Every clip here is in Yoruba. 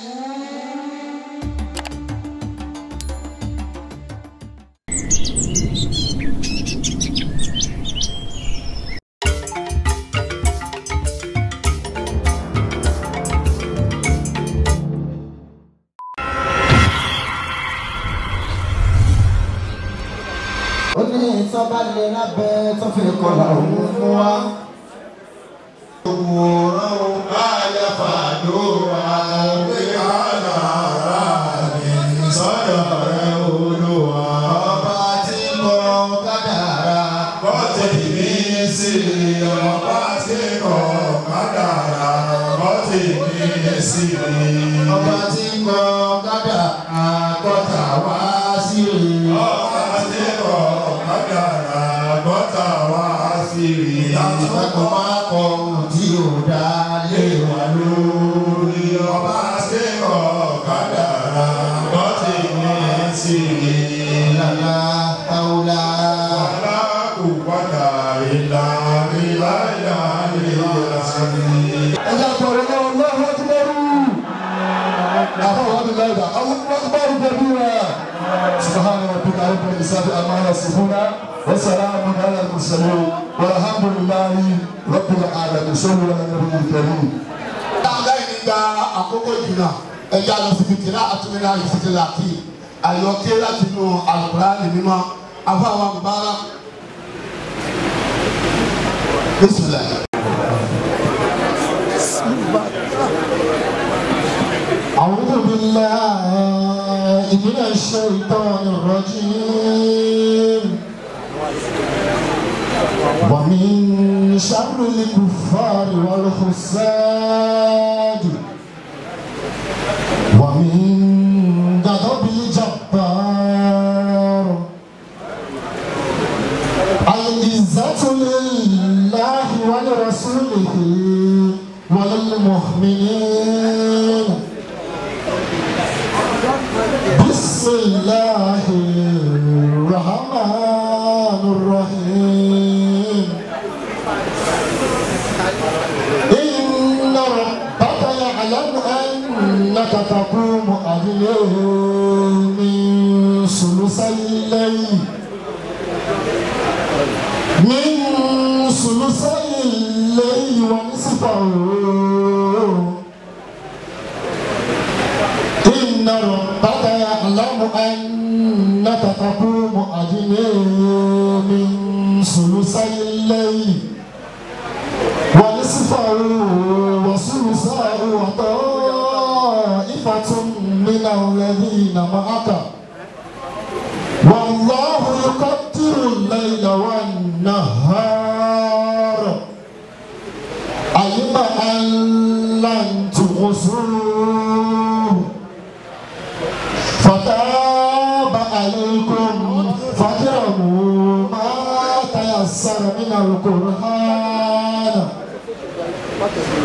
ó ní ìtọ́ bá lè lábẹ́ tó fi kọlà òun fún wa. الكتاب أمانة سفونا وسلام على المرسلين والحمد لله رب العالمين صلى الله على النبي الكريم. àkókò jùlọ ẹja lọ síbi kìlá àtúnilá ìsìkì làkì àyọkẹ láti nu àlùkùránì mímọ́ afọ àwọn àbúbárà bísílẹ. من الشيطان الرجيم ومن شر الكفار والحساد ومن غضب الجبار العزة لله ولرسوله وللمؤمنين بسم الله الرحمن الرحيم إن ربك يعلم أنك تقوم عليه تقوم أدنى من ثلثي الليل ونصفه وثلثه وطائفة من الذين معك والله يقدر الليل والنهار علم أن لن تغفر القرآن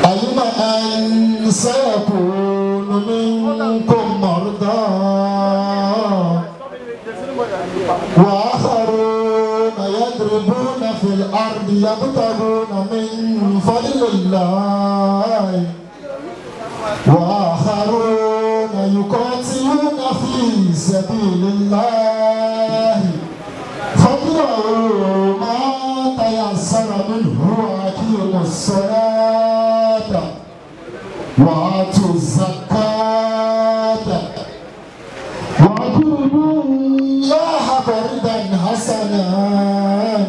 علم أن سيكون منكم مرضى وآخرون يضربون في الأرض يبتغون من فضل الله وآخرون يقاتلون في سبيل الله فضلوا الصلاة وآتوا الزكاة واعبدوا الله فردا حسنا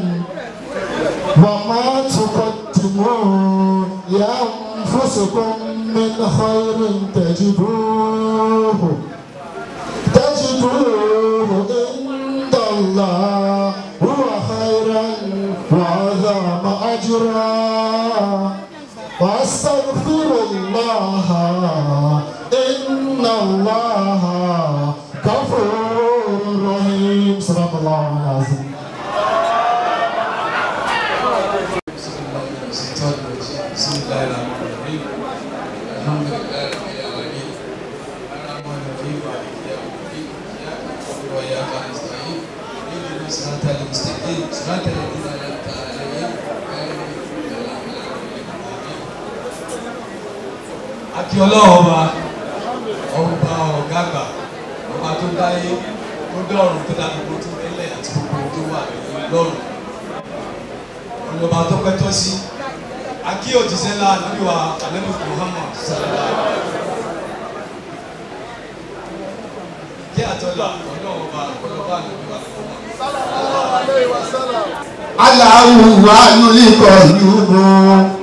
وما تقدموا لأنفسكم من خير تجدوه تجدوه عند الله وعظم أجرا وأستغفر الله إن الله kí ọlọ́run ọba ọba ọ̀gá àgbà ọba tó dáyé tó dọ̀rùn tó dá gbogbo tó lẹ́lẹ̀ àti gbogbo tó wà lọ́rùn ọlọ́ba tó pẹ́ tọ́ sí akí òjíṣẹ́ ńlá níwà alẹ́nu Muhammad sàlẹ̀ kí àtọ́lá ọlọ́run ọba ọlọ́ba níwà Aláwùwà nulikọ̀ lùgbọ̀n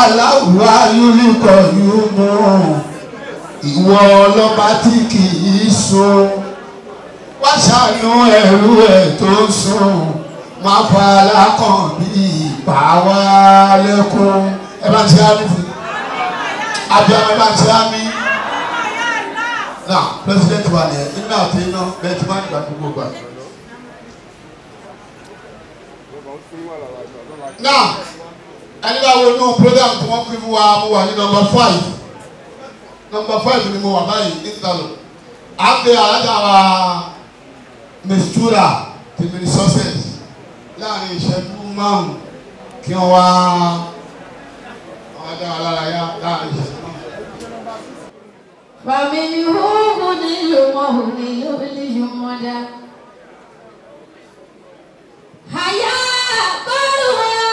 aláwùrá yúríkọ̀ yóò mú ìwọ ọlọ́ba tí kì í sùn wá ṣàánú ẹrú ẹ̀ tó sùn máa fa alákàn bí ìpá wá lẹ́kún ẹ bá ti rámi fún abiyamọ ẹ bá ti rámi náà pírẹsidẹ́ntì wa nìyẹn nínú àti iná bẹ́ẹ̀ ti máa ń gbà gbogbo gbà. náà ẹni bá wo inú program tí wọ́n pín fún wa mo wà ní nọmba five nọmba five ni mo wà báyìí nítorí à ń bẹ alájà the mistura tèmínì success láàrin ìṣẹ́jú márùn-ún kí wọ́n wá wọ́n dá wa lára yá láàrin ìṣẹ́jú márùn-ún. فمنهم مضل وهم يضل مدى حياة طولها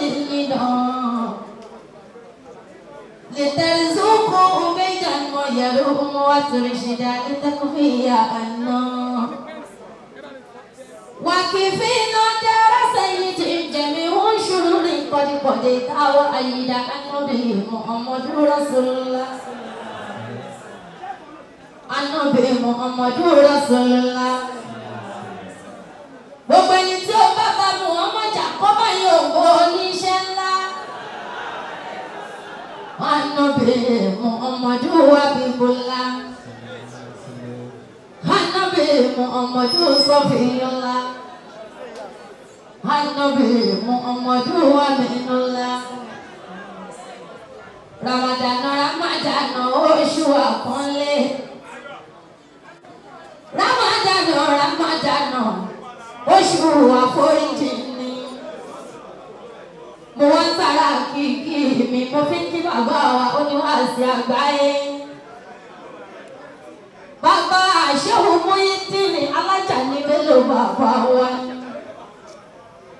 سيدا لترزقوا بيتا ويلوم وترشدا لتكفي أنا وكفينا دار سيد جميع شرور قد قضيت وأيد عن نبي محمد رسول الله عن نبي محمد رسول الله Muhammadu Habibullah Hanabi Muhammadu Safiyullah Hanabi Muhammadu Aminullah Ramadan Ramadan oṣù àpọ́nlé Ramadan Ramadan oṣù àforíjì mo wá ń sára kìkì mi mo fi ń kí bàbá wa ó ní wáàsí àgbáyé. bàbá àṣẹwò Muyideen Alájàní Bello bàbá wa.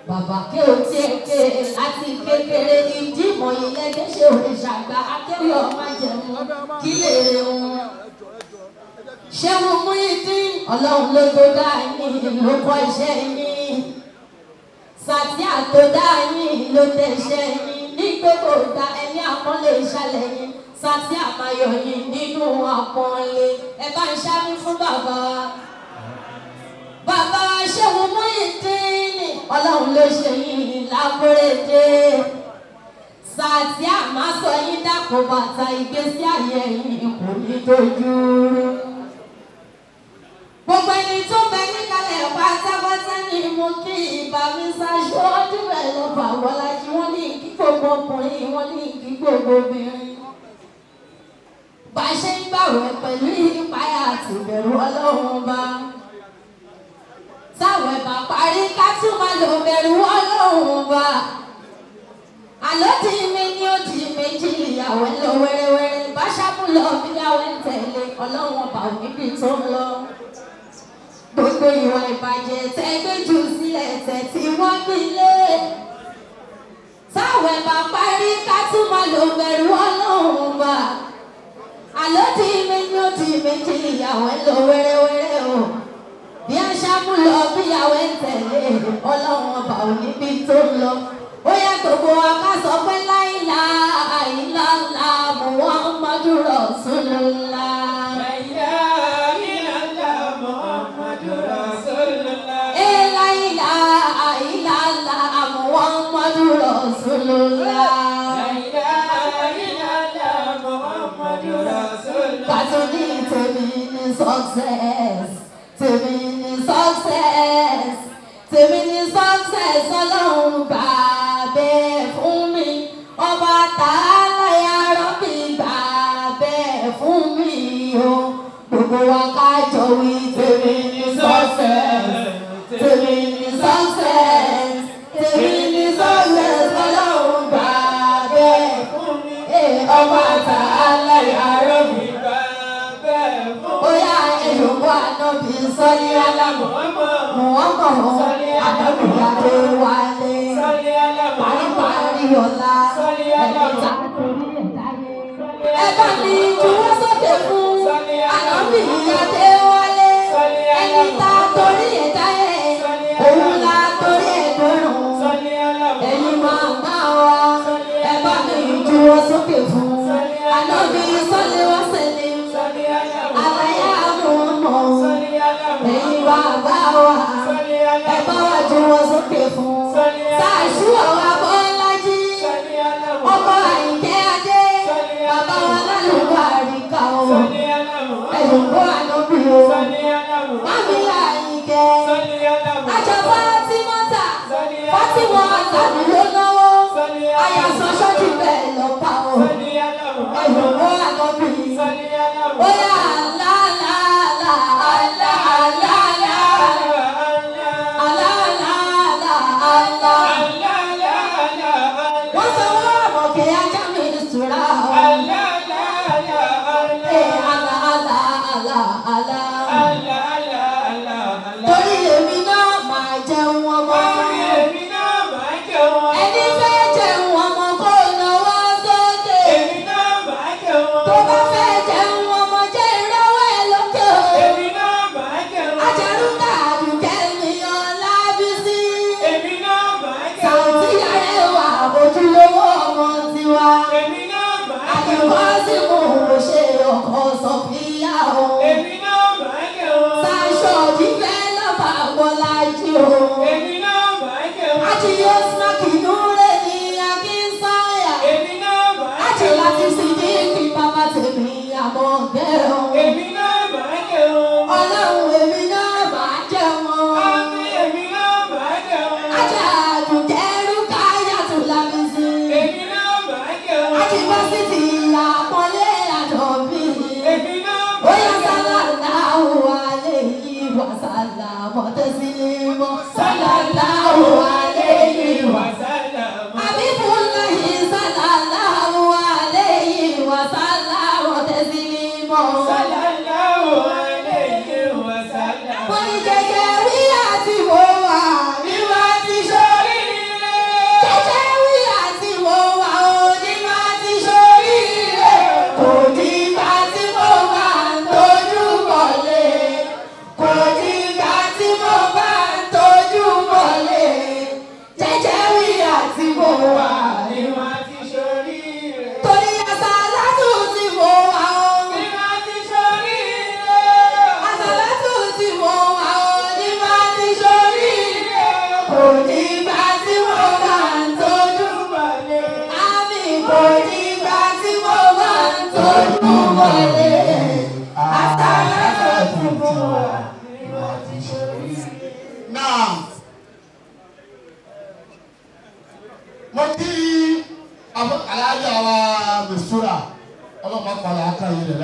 bàbá kí o tiẹ̀ ké láti kékeré ìdí ìmọ̀ ìlẹ́gẹ́ ṣe òrìṣà gba akéwì ọmọ jẹun kí lè rè wọn. ṣé mo Muyideen ọlọ́run ló tó dá ló kọ́ iṣẹ́ yín. Fatia tó dá yín ló tẹ̀sẹ̀ yín nígbè kò gba ẹni àpọ́nlé ìṣàlẹ̀ yín Fatia máa yọ yín nínú àpọ́nlé ẹ bá ń ṣáájú fún bàbá wa. Bàbá Ṣéwù Muyideen ọlọ́run ló ṣe yín lágbóredé. Fatia máa yín dákò bàtà ìgbésí ayé yín kò ní dojú rú gbogbo ẹni tó bẹ níkàlẹ̀ pátápátá ni mo kí ìbámisá ṣọ́ọ́dún rẹ̀ lọ bàwọ́ lájú wọn ní kí gbogbo ọkùnrin wọn ní kí gbogbo obìnrin. bá a ṣe ń gbàwẹ̀ pẹ̀lú ìpayà àti ìbẹ̀rù ọlọ́run bá táwọn ẹ̀bà parí ká tún máa lò bẹ̀rù ọlọ́run wa. àlọ́ tí mi ní ó méjì ìyàwó ń lọ wẹ́rẹ́wẹ́rẹ́ bá ṣàkùn lọ bí yàwó ń tẹ̀lé ọlọ́run ọba gbogbo ìwà ìbàjẹ́ tẹ́ gbé jù sílẹ̀ tẹ̀ tí wọ́n gbìn lé táwọn ẹ̀bà parí ká tún máa lò bẹ̀rù ọlọ́run bá àló di méjì ó di méjì ìyàwó ẹ̀ lọ wẹ́rẹ́wẹ́rẹ́ o bí aṣáájú lọ bí ìyàwó ẹ̀ tẹ̀lé ọlọ́run ọba ò níbi tó ń lọ ó yẹ gbogbo wa ká sọ pé láìláà àìláàlá Muhammadu Rasulullah. success tèmi me success tèmi me success ọlọ́run bàbẹ́ fún mi ọba tààlà yàrá mi bàbẹ́ fún mi o gbogbo wa ká jọ wí. sọ́lé alámọ̀ mọ̀ọ́kọ̀ mọ́ àdọ́gbìyàdé wálé paríparí ọ̀la ẹ̀ẹ́dẹ́ta torí ẹ̀dáyé ẹ bá mi juwọ́ sókè fún àdọ́gbìyàdé. Allah ló náwó ayàsánṣọ́ ti bẹ̀ lọ́pàá o ẹ̀yọ̀wọ́ àlọ́bí ó yà láàlàlà àlàlà. Allah, Allah.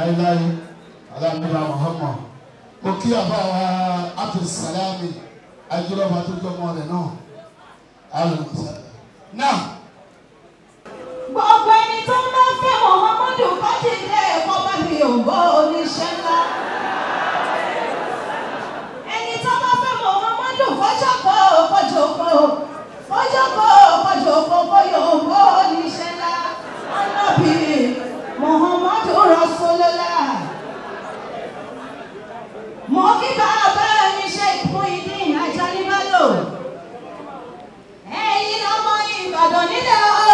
láéláé alámúra Muhammad ó kí àbáwá abdulsalami ajúlọ́ba tó jọmọ rẹ̀ náà alùpùpù náà. gbogbo ẹni tó ń bá fẹ́ Muhammadu kọ́dídé ẹ̀kọ́ bá fi yòǹbó oníṣẹ́ ńlá. ẹni tó bá fẹ́ Muhammadu kọjọ́ kọ́ kọjọ́ kọ́ kọjọ́ kọ́ kọjọ́ kọ́ kọ́ yòǹbó oníṣẹ́ ńlá. mo kí bàbá bẹ́ẹ̀ mi ṣe ìkún ìdín àjálíbálò ẹ̀yin ọmọ Ìbàdàn nílẹ̀ ọ̀rọ̀.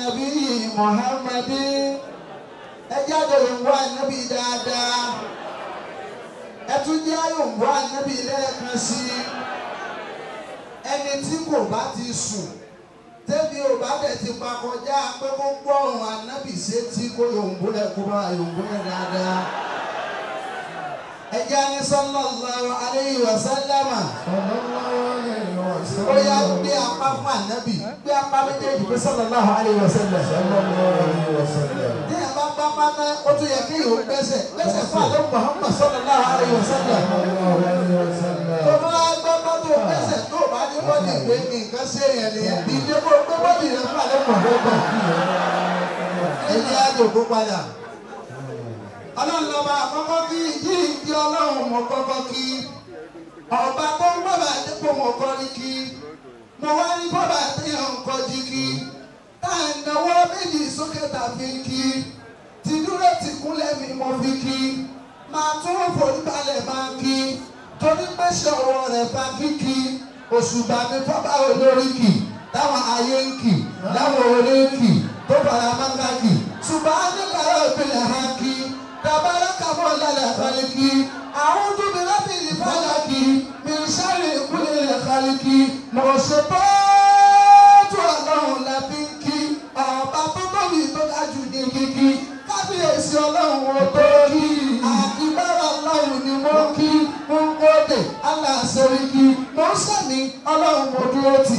Nabi Muhammadu ẹ jáde òyìnbó ànábì dáadáa ẹ tún jẹ́ òyìnbó ànábì lẹ́ẹ̀kan sí i ẹni tí kò bá ti sùn tẹ́bi ò bá dẹ̀ ti pa kọjá pé kó gbọ́ ohùn ànábì sétí kó yòǹbó lẹ̀ kó bá yòǹbó lẹ̀ dáadáa ẹjẹ́ ní sallallahu alayhi wa sallama. sallallahu ó yá gbé apá fún ànábì gbé apá méjèèjì pé sallallahu alaihi wasallam. díẹ̀ bá gbá pátá ó tún yẹ kí ìhò gbẹ́sẹ̀ gbẹ́sẹ̀ fún àlọ́ Muhammad sallallahu alaihi wasallam. tó bá gbá pátó gbẹ́sẹ̀ tó bá ní bọ́dì ìwé mi nǹkan ṣe yẹn nìyẹn ìdí kó gbé bọ́dì rẹ̀ fún àlọ́ Muhammad. ẹni á dògbó padà ọlọ́run lọ́ba àkọ́kọ́ kí yíyí di ọlọ́run mọ́ kọ́kọ́ kí ọba tó ń bàbà dípò mọ̀ kọ́ ní kí mo wá ní bàbà tí à ń kọ́ jí kí tá à ń náwó méjì sókè tàbí kí ti dúró ti kúnlẹ̀ mi mo fi kí máa tún forí balẹ̀ máa kí torí pé ṣe ọ̀rọ̀ rẹ̀ bá kíkí òṣùbà mi fọ́bà olórí kì táwọn ayé ń kì láwọn olórí kì tó fara máa ń ká kì ṣùgbọ́n á ní kàrọ̀ ìpìlẹ̀ hàn kí tabaraka mọ̀lára kàlíkì àwọn tó bẹ láti lè fàlàkì mìíràn ìkúlẹ̀ kàlíkì mọ̀ọ́sọ̀tọ́ tó àlọ́hùn làbí kí àbá tó tóbi tó dájú ní kíkí kábíyèsí ọlọ́run ò tó kí àkíbára ọlọ́run ni mo kí mo ń kóde aláṣẹ rí kí mo ń sàmì ọlọ́run mo dúró tì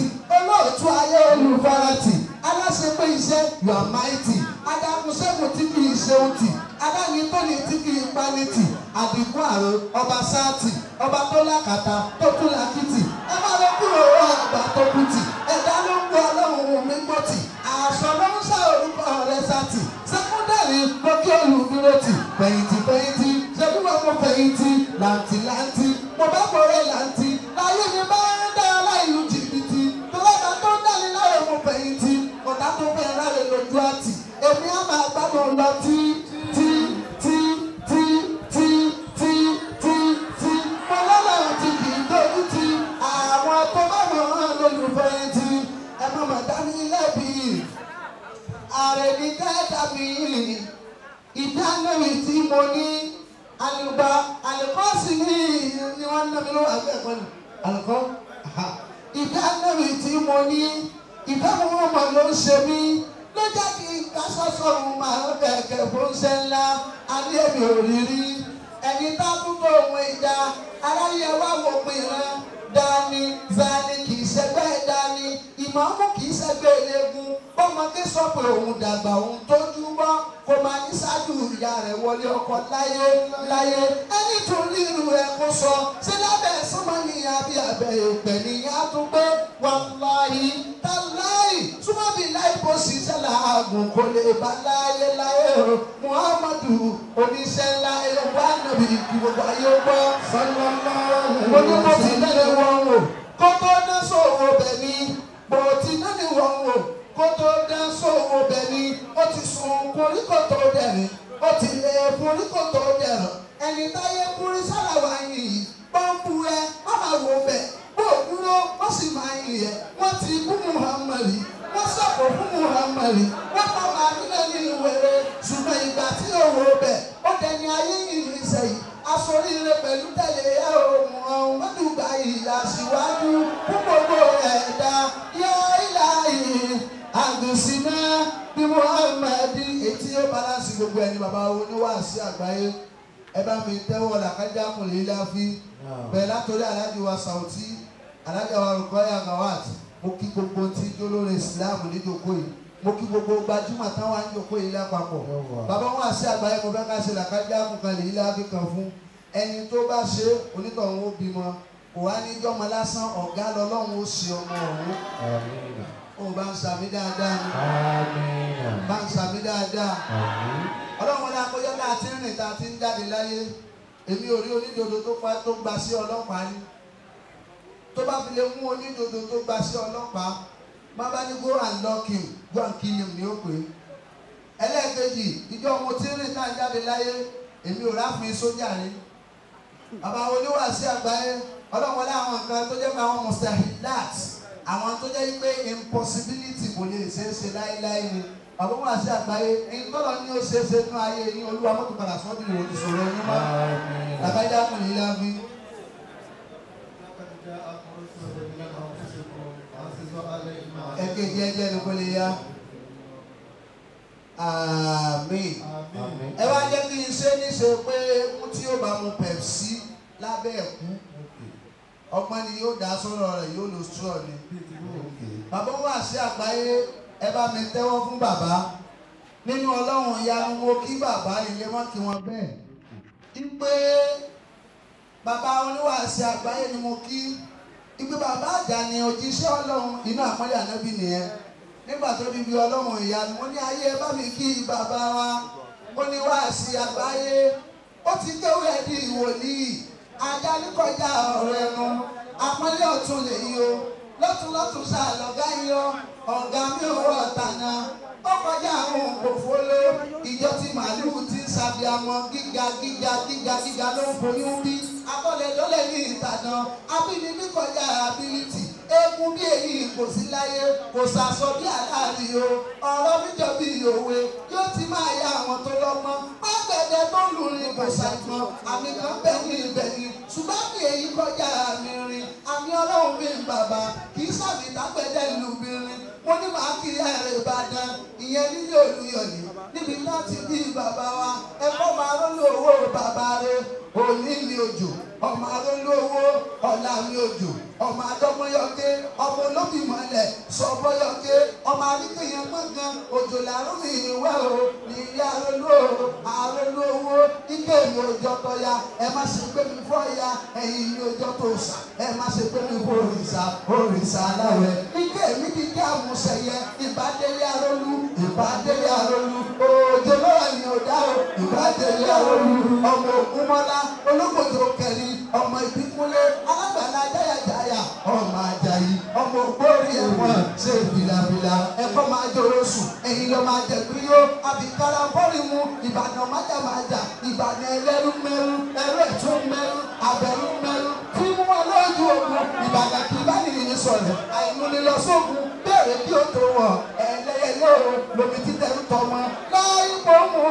ayé olùfaratì aláṣepé iṣẹ́ you are mighty adakunṣẹ́gun tí kì í ṣeun tì adánitóni tí kì í pani tì àdínkù àrùn ọba sáàtì ọba tó lákàtà tó tún làkìtì ẹ má lọ kúrò owó àgbà tó kù tì ẹ̀dá ló ń gbọ́ ọlọ́run ohun mi gbọ́ tì àṣọ ló ń ṣe orúkọ rẹ sátì sẹ́kọ́ndẹ̀rì lókè olùdúró tì fẹ̀yìntì fẹ̀yìntì ṣẹ́kúrò ọmọ fẹ̀yìntì làǹtìlàǹtì mo bá bọ̀ rẹ̀ làǹtì láyé mi báyìí. Liberty èmi á máa gbádùn tó ń ṣe ńlá alẹ́ mi ò rí rí ẹni tá a dúpọ̀ òun ìjà aráyé wa wò pé dání zani kì í ṣe bẹ́ẹ̀ ṣùgbọ́n kò kì í ṣẹgbẹ́ eléegun bọ́mọdé sọ pé òun dàgbà òun tójú bọ́ kó máa ní ṣáájú ìyá rẹ̀ wọlé ọkọ láyé láyé ẹni tó rírù ẹ kó sọ ṣé lábẹ́ sọ́mọ́ ní abẹ́ abẹ́ ìpẹ́ ní àtúgbé wàláhì táláì súnmọ́bì láì bó sì sẹ́là àgùn kò lè bá láyé láyé o muhammadu oníṣẹ́ ńlá ewa nàbì gbogbo ayé gbọ́ sọlọ́lọ́ onímọ̀ sí lẹ́nu wọn o kókó náà sọ̀rọ̀ bẹ̀ ni bọ̀ọ̀tì nínú ìwọ̀n o kó tó dá sóhun ọbẹ̀ ni ó ti sun koríko tó dẹ̀rìn ó ti lè koríko tó dẹ̀rìn ẹni táyé kúrí sálàwà yìí pọ́ńpù ẹ má máa wò bẹ̀ bó dúró ó sì máa yìn ẹ wọ́n ti kú Muhammadu wọ́n sọ̀kò fún Muhammadu wọ́n bá wà nílẹ̀ ní ìwéré ṣùgbọ́n ìgbà tí òun ọbẹ̀ ó dẹni ayé yìí ní sẹ́yìn asoríire pẹ̀lú tẹ̀lé ohun ọ̀hún mọ́dùgbà ìyàsíwájú fún gbogbo ẹ̀dá yá ìlàyé àgùnsínà bí Muhammadi etí ó balansi gbogbo ẹni bàbá oníwàásí àgbáyé ẹ bá mi tẹ́wọ́ làkájá kùnlé láfi bẹ́ẹ̀ látọ̀rí aláàjì wa Sauty aláàjì wa Rukaya Gawat mo kí gbogbo tí jólórin Islam níjókòó yìí mo kí gbogbo gbajúmọ̀ táwọn á ń jòkó yìí lápapọ̀ bàbá wọn àṣẹ àgbáyé mo fẹ́ ká ṣe làkájá àkùnkan lè yílá fún ẹni tó bá ṣe onítọ̀hún ó kò wá ní jọmọ lásán ọ̀gá lọ́lọ́run ó ṣe ọmọ ọ̀hún ó bá ń sàmí dáadáa ni bá ń sàmí dáadáa ọlọ́run náà kọjá náà ti rìn tá ti ń jáde láyé èmi ò rí onídodo tó pa tó gba sí ọlọ́pàá ni tó bá fi lè mú onídodo tó gba sí ọlọ́pàá má bá go and lock him go and kill him ní ó pè é ẹlẹ́ẹ̀kejì ìjọ mo ti rìn tá à ń jáde láyé èmi ò ráfin sójà rí bàbá oníwàásí àgbáyé ọlọ́wọ́lá àwọn nǹkan tó jẹ́ pé àwọn mustahilat àwọn tó jẹ́ pé impossibility kò lè ṣeé ṣe láéláé ni bàbá oníwàásí àgbáyé ẹni tọ́lọ ní ó ṣeé ṣe nínú ayé yín olúwa mọ́tò padà sọ́dún ìwòsàn ìṣòro ẹni mọ́ bàbá ìdáhùn yìí lábí. kejì ẹ jẹ́ nìkan lè yá. Àmín. Ẹ wá jẹ́ kí n ṣe níṣe pé ohun tí yóò bá mu Pepsi lábẹ́ ẹ̀kú. Ọgbọ́n ni yóò dá sọ̀rọ̀ rẹ̀ yóò lo straw ni. Bàbá wà sí àgbáyé ẹ bá mi tẹ́wọ́ fún bàbá. Nínú Ọlọ́run ìyanu mo kí bàbá ilé wọn kí wọn bẹ́ẹ̀. Ipe bàbá oníwàásí àgbáyé ni mo kí ìgbé bàbá àjàní òjíṣẹ́ ọlọ́run inú àpọ́nlé ànábì nìyẹn nígbà tó bíbi ọlọ́run ìyanu ó ní ayé bá mi kí bàbá wa ó ní wáàsí àgbáyé ó ti kéwé di ìwòlíì ajálùkọjá ọ̀rọ̀ ẹnu àpọ́nlé ọ̀tún lèyí o lọ́tún lọ́tún sáà lọ́gá yíyọ ọ̀gá mi ò wọ ọ̀tàná ọkọjá àwọn òfòló ìjọ tí màálùú ti ń sàbíamọ gíga gíga gíga gíga ló ń boyún bí akọlẹ lọlẹ ní ìtànà abínibí kọjá ability egun bí èyí kò sí láyé kò sàsọ bí aláàrí o ọ̀rọ̀ níjọ bí òwe yóò ti máa ya àwọn tó lọ́gbọ́n pàgbẹdẹ tó ń lùrin kò ṣàgbọn àmì kan bẹyìn ìbẹyìn ṣùgbọ́n mi èyí kọjá mi rìn àmì Ọlọ́run mi bàbá kì í sàbí tágbẹdẹ lù mi rìn mo ní màá fi ẹ̀rẹ̀ Ìbàdàn ìyẹn nílé Olúyọ̀lé níbi náà ti bí bàbá wa ẹ̀kọ́ máa rán ní owó bàbá rẹ̀ òní mi òjò ọmọ arólú owó ọ̀la mi òjò ọmọ adọ́mọyọ́ké ọmọ olóbìmọ̀lẹ̀ sọ́bọ́yọ́ké ọmọ arígbìyàn gbọ̀ngàn òjò làárọ̀ mi ìwà o ní ilé arólú owó arólú owó ike mi òjò tọ́ya ẹ má ṣe pé mi fọ́ ya ẹ̀yìn mi òjò tó sà ẹ má ṣe pé mi fọ́ òrìṣà òrìṣà aláwẹ̀ ike mi kíkẹ́ àwọn àṣẹyẹ ìbádélé arólú ìbádélé arólú òòjò lọ́wọ́ ni ò dá o ìbádélé arólú ọmọ ògúnmọ́lá olókòtò kẹrin ọmọ ìbíkúnlé alágbàlá jáyàjáyà ọmọ ajayi ọmọ ògbórí ẹ̀wọ̀n ṣe bìlàbìlà ẹ̀kọ́ máa jẹ oṣù ẹ̀yin lọ́ máa jẹ pé yó àbíkára bọ́ọ̀lì mu ìbàdàn májàmájà ìbàdàn ẹlẹ́rú mẹ́rú ẹrú ẹ̀tún mẹ́rú àbẹ̀rú mẹ́rú fíìmù ọlọ́ọ̀dù ògùn ìbàdàn kì í bá nìyí sọ̀rọ̀ àìmúnilọ́sọ̀gùn rẹ̀ bí odò wọ̀ ẹlẹ́yẹlẹ́ o lomi títẹ̀ ń tọ́ wọn láì pọ́nmù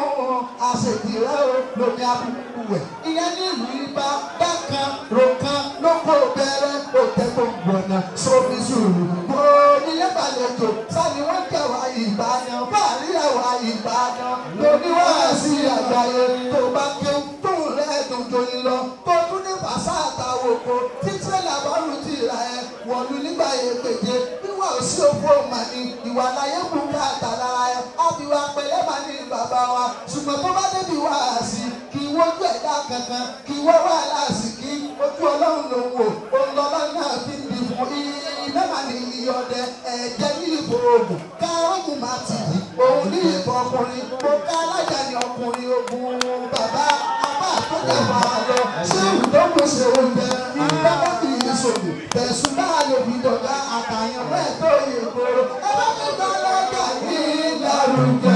àṣèdìrẹ́ o lomi abúkú wẹ̀ ìyẹn ní ìlú ibà dákan ròkan lóko bẹ̀rẹ̀ òtẹ́ tó ń gbọ̀nà sómi sùúrù kò nílé balẹ̀jọ sani wọ́n jẹ́ wá Ìbàdàn báàrí àwa Ìbàdàn lóní wáàsí àgbáyé tó bá kéwù tó rẹ̀ dòdò yìí lọ tó tún ní fàṣà àtàwòkò tí sẹ́lẹ̀ àbárù ti rà ẹ̀ wọ̀lú nígbà yẹn pèjé mọ̀ sí ogún ọmọ ni ìwà láyé kù ń bá àtàlà àbíwá pẹ̀lẹ́ máa ní bàbá wa ṣùgbọ́n tó bá débi wá àsì kì í wojú ẹ̀dá kankan kì í wọ́ wá láàsì kí ojú ọlọ́run ló wò ọlọ́lá náà fi ń dìbò iná máa ní ìyọ̀dẹ ẹ̀jẹ̀ ní ìbò ògùn káàmù máa ti yí òun ní ìbò ọkùnrin mo ká alájà ní ọkùnrin ogun bàbá apá àtúntà máa lọ ṣé ìdókòṣe oúnjẹ ìdábàbí ṣòwò tẹ̀sùn náà lòbí dọ̀gá àtàyàn mẹ́ẹ̀ẹ́dọ́yè ìgboro ẹ bá mi gbọ́ lọ́jà yìí lárugẹ.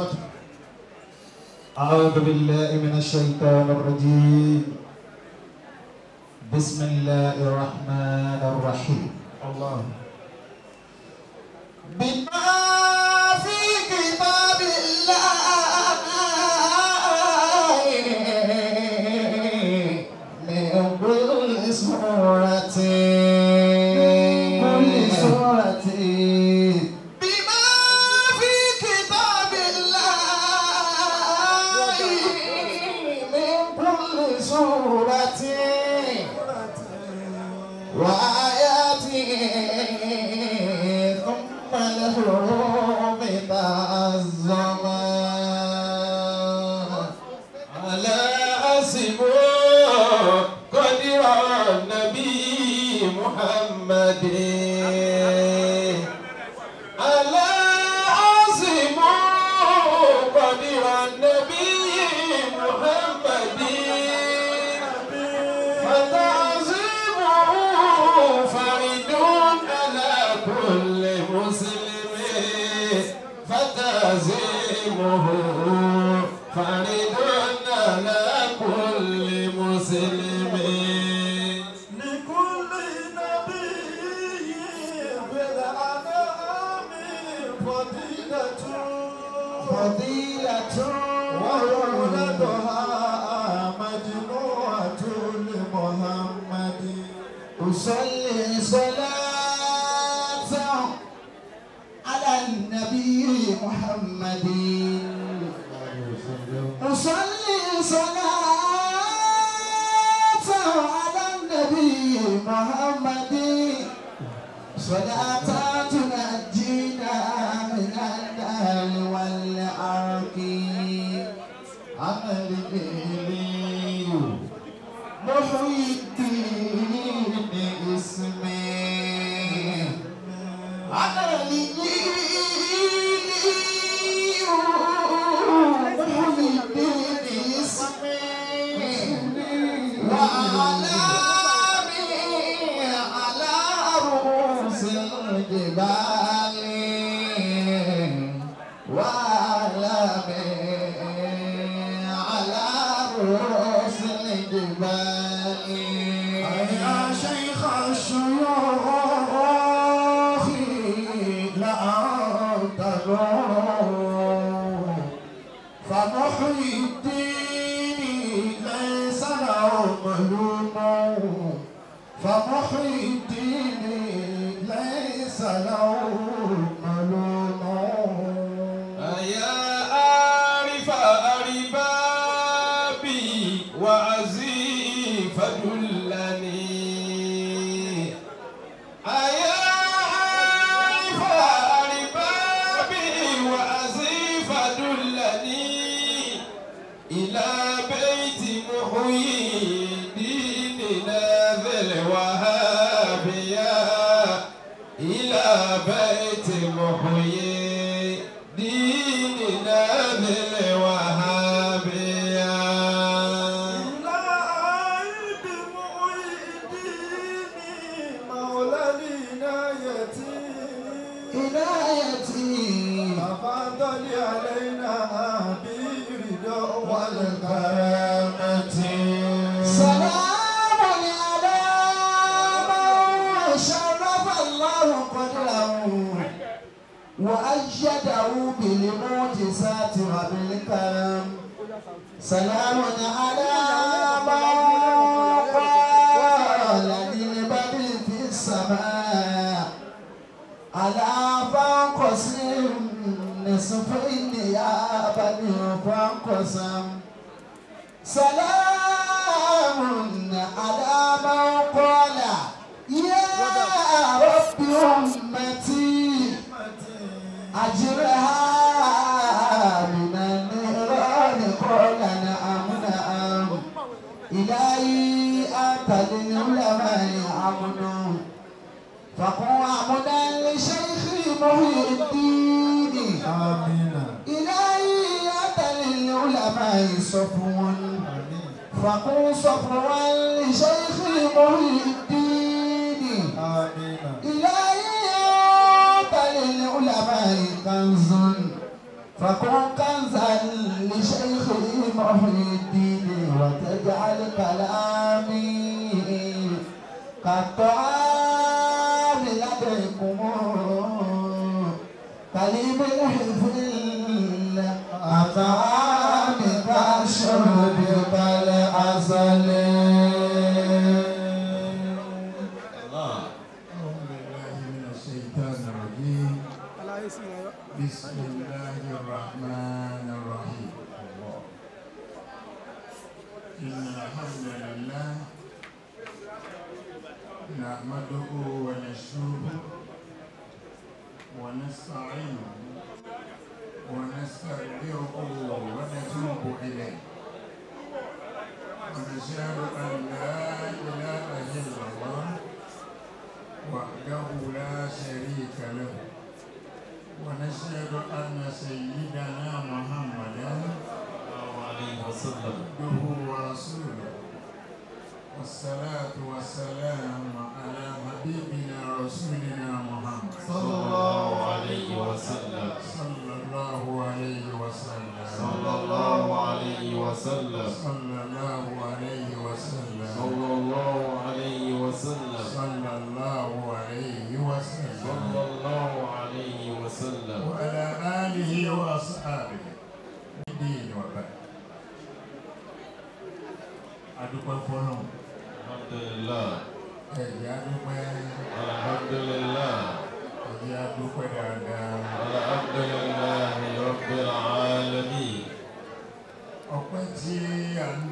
وبركاته أعوذ بالله من الشيطان الرجيم بسم الله الرحمن الرحيم الله بما في كتاب Wow. إلهي أنت للعلماء عبد فقم عبدا لشيخ محي الدين آمين إلهي أنت للعلماء صفوا فقم صفوا لشيخ محي الدين آمين إلهي أنت للعلماء كنز فكن كنزا لشيخي محي الدين وتجعل كلامي قد كالطعام لديكم قليل الحفظ أطعام كالشرب كالعسل أشهد أن لا إله إلا الله وحده لا شريك له ونشهد أن سيدنا محمدا عبده ورسوله والصلاة والسلام على حبيبنا رسولنا محمد صلى الله عليه وسلم صلى الله عليه وسلم صلى الله عليه وسلم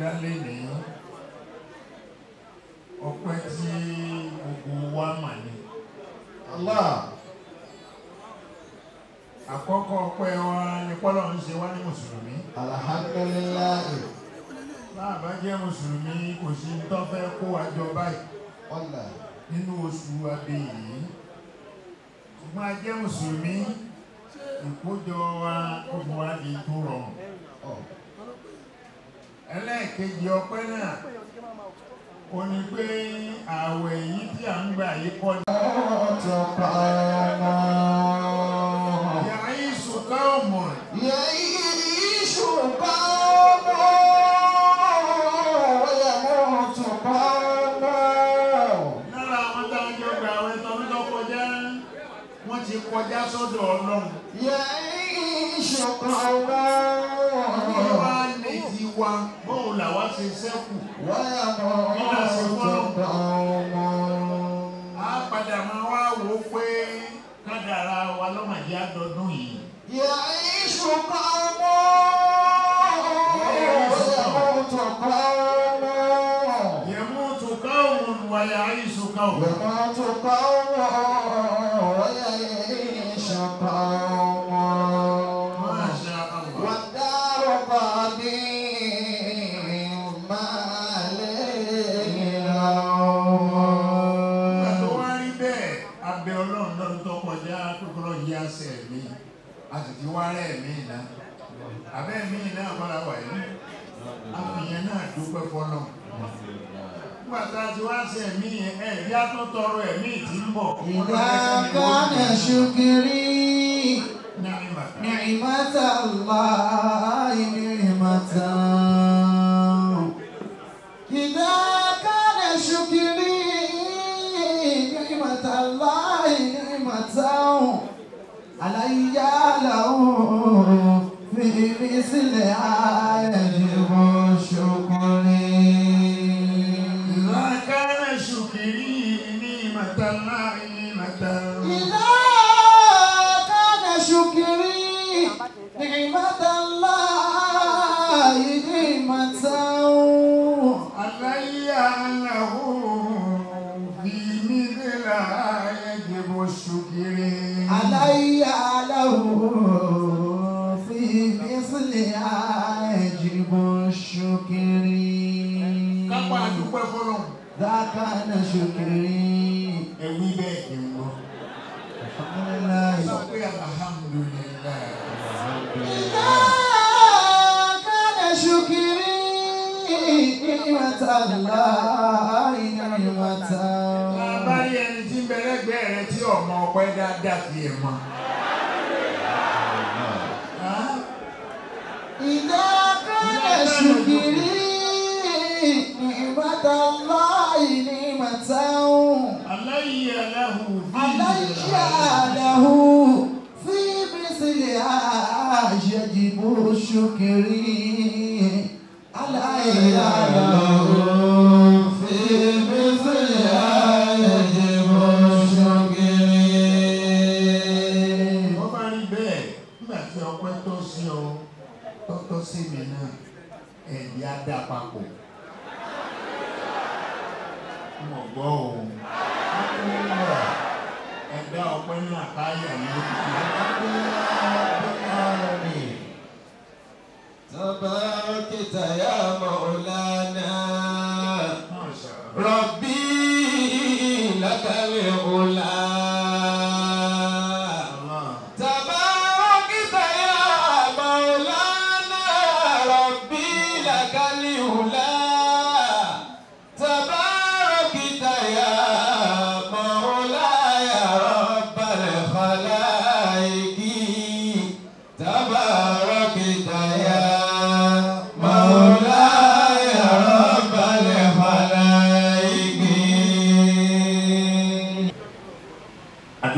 dá lénìí ọpẹ́ tí gbogbo wa mà ní. àkọ́kọ́ wa ni pọ́lọ̀ ń ṣe wá ní mùsùlùmí. alhamdulilayi. láàbá jẹ́ mùsùlùmí kò sí tọ́fẹ́ kó wa jọ báyìí. nínú oṣù abẹ́yẹ yìí. ṣùgbọ́n a jẹ́ mùsùlùmí ìkójọ wa gbogbo wa di tó oh. ẹlẹ́ẹ̀kejì ọpẹ́ náà ó ní pé ààwẹ̀ yìí tí à ń gbà yìí kọ́ ni. ọ̀tọ̀ pàmò. yàrá ìṣùkà ọmọ. yàrá ìṣùkà ọmọ. wọ́n ti kọjá sọ́dọ̀ ọlọ́run. yàrá ìṣùkà ọmọ. ti sẹ́kù. wáyà mọ ọ̀hún tó bá ọmọ. a padà máa wá wò ó pé kádàrá wa lọ́màdé àdọ́dún yìí. yà á yíṣu pa ọmọ. wáyà mọ ọ̀hún tó bá ọmọ. yẹ̀mú ká òun wáyà á yíṣu ká òun. ìwárẹ̀ ẹ̀mí iná abẹ́ ẹ̀mí iná àmọ́ra wà yìí àfihàn náà dúpẹ́ fọ́nà nígbà tá a ti wá sí ẹ̀mí yẹn ẹ̀rí àtúntọrọ ẹ̀mí tí ń bọ̀. ìgbà kọ́nà ṣùkìrì nìrìmọ́tà Allah nìrìmọ́tà. في مثل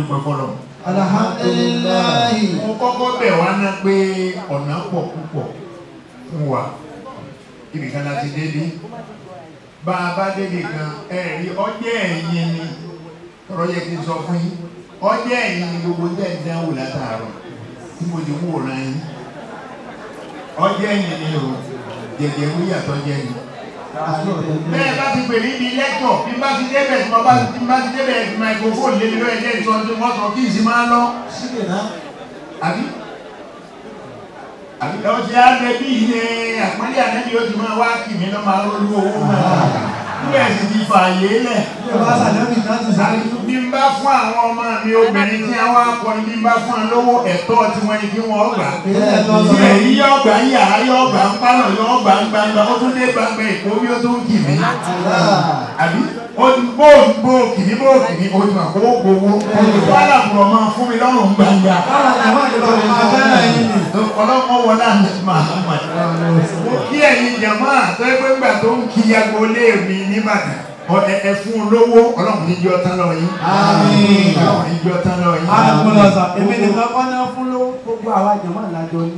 dúpẹ́ fọ́lọ́. alhamdulilayi. mo kọ́kọ́ bẹ̀ wá ná pé ọ̀nà pọ̀ púpọ̀ fún wa ibìkan láti débi bá a bá débi kan ẹ̀rí ọjọ́ ẹ̀yìn ni tọrọ yẹ kí n sọ fún yín ọjọ́ ẹ̀yìn ni gbogbo jẹ́ ìdánwò látàárọ̀ tí mo ti wúwo ra yín ọjọ́ ẹ̀yìn ni o jẹ̀jẹ̀ wúyà tọ́jẹ́ yìí bẹ́ẹ̀ bá ti pè ní ibi lẹ́tọ̀ bí bá ti débẹ̀ tí wọ́n bá ti bá ti débẹ̀ ẹ̀fì microphone lé lórí ẹ̀jẹ̀ ìtọ́ tí wọ́n sọ kí ìsìn máa lọ. àbí àbí lọ́ọ́ ti á lẹ bí ìyẹn àpọ́nlé àtẹ́bí ó ti máa wá kì mí lọ́ máa owó máa. Ilé ẹ̀sìn ti fààyè lẹ̀. Bí n bá fún àwọn ọmọ mi obìnrin tí àwọn akọni bí n bá fún wọn lówó ẹ̀tọ́ tí wọ́n ní kí wọ́n gbà. Ilé yìí yọ ọgbà yàrá yọ ọgbà ń pálọ̀ yọ ọgbà ń gbangba ó tún dé gbangba èkó ó tó kì mí. Àbí? wọ́n ti bóògì bóògì ní bóògì ní ojú àkókò gbowó wàhálà kùrọ̀ máa fún mi lọ́rùn gbangba ọlọ́mọ wọlé àmàmà mo kí ẹ̀yin jàmáà àtọ́ ẹgbẹ́gbà tó ń kí agbolé mi ní Ìbàdàn ẹ fún olówó ọlọ́run ní yọ tán lọ yín. àmín ọlọ́run ní yọ tán lọ yín. àgbọ̀nọ̀sà èmi nìkan kọ́ náà fún lówó gbogbo àwa jọ̀mọ́ ìlàjọ ní.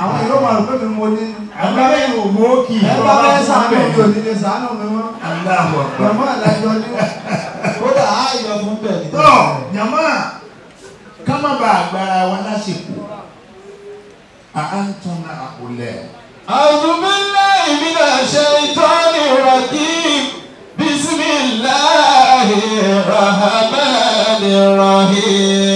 àwọn ìlú màrún pé mi mo ní. ẹgbẹ́ yìí ò mú kì í. ẹgbẹ́ bẹ́ẹ̀ sànú mi ò ní lè sànú mi mọ́. jọ̀mọ́ ìlàjọ ní wà. kódà á yọ fún bẹ́ẹ̀. tọ́ jàmọ́ ká má wa lásìkò à tún àkùlẹ̀. àdùnmí lẹ́yìn mi náà ṣe ìtọ́ni ìrọ̀kí. الرحمن الرحيم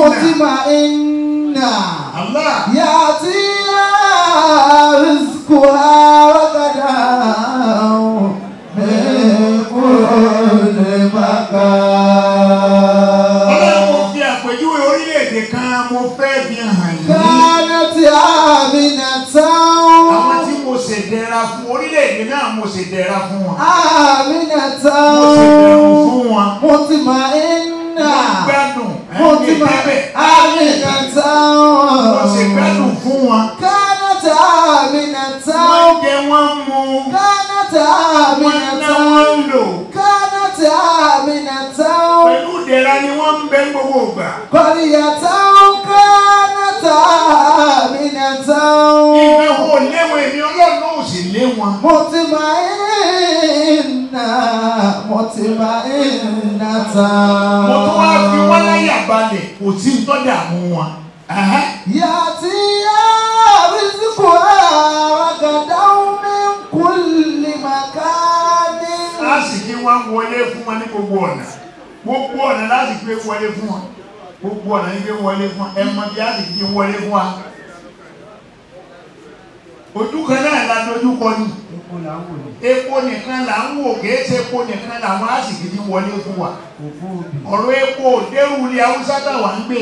مطمئن الله يأتيها رزقها وغدا من كل مكان tí a mi nà tán. Àwọn tí mo ṣe dẹ́ra fún orílẹ̀-èdè náà mo ṣe dẹ́ra fún wọn. A mi nà tán. Mo ṣe dẹ́ra fún wọn. Mo ti mọ̀ ẹ́ nà. Mo gbẹ́ mo ti ma àmìnàtà wọn. wọ́n ṣe gbádùn fún wọn. kánátà àmìnàtà wọn. wọ́n jẹ wọ́n mu. kánátà àmìnàtà wọn. wọ́n ń lò. kánátà àmìnàtà wọn. pẹ̀lú ìdẹ̀ra ni wọ́n ń bẹ gbogbo ìgbà. kọ̀ríyàtà wọn kánátà àmìnàtà wọn. ìgbẹ́ wo léwọn èmi ọlọ́run ò sì lé mo ti ma ẹ̀ nà mo ti ma ẹ̀ nà tà. mo tún wá wọ́n wá láyà balẹ̀ kò sí ń tọ́jà mú wọn. yàtí àrísìkò àràgàdáwọ́ mi kò lè màkà ní. lásìkí wá wọlé fún wọn ní gbogbo ọ̀nà gbogbo ọ̀nà lásìkí wá wọlé fún wọn gbogbo ọ̀nà ní gbé wọlé fún ẹ mọ bí lásìkí wọlé fún wa ojú kan náà la dojú kọ ni epo nìkan là ń wò kìí ṣe epo nìkan làwọn àṣìkìdí wọlé fún wa ọ̀rọ̀ epo òdérù ilẹ̀ haúsá tàwa ń gbé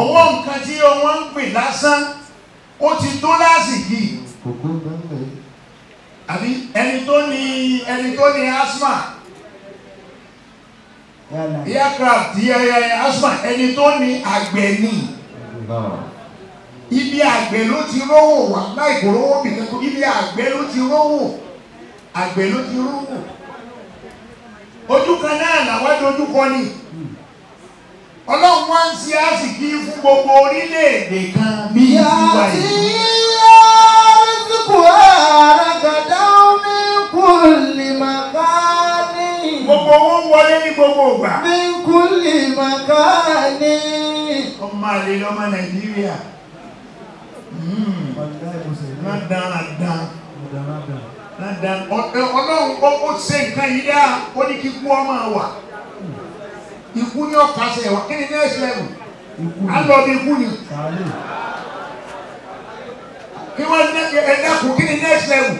ọwọ́ nǹkan tí wọ́n ń pè lásán ó ti tó lásìkì àbí ẹni tó ní ẹni tó ní asthma aircraft yẹ asthma ẹni tó ní àgbẹ̀ ibi àgbẹ̀ ló ti rówó wá láì kó rówó mi kankan ibi àgbẹ̀ ló ti rówó àgbẹ̀ ló ti rówó ojú kan náà làwọn dojú kọ ni ọlọ́run wá ń ṣe àsìkí fún gbogbo orílẹ̀-èdè kan bí ìwà yìí. yàtí àrísìkò àràgàdá omi kò lè má ká ní. gbogbo owó ń wọlé ní gbogbo ìgbà. mi kò lè má ká ní. ọmọ àlè lọmọ nàìjíríà. Hmm. ọlọ́run ó ṣe nǹkan yìí dáa ó ní kí ikú ọmọ wà ikú ní ọ̀ka ṣe wà kí ni next level á lọ bí ikú ni kí wọ́n ẹ̀dẹ́kùn kí ni next level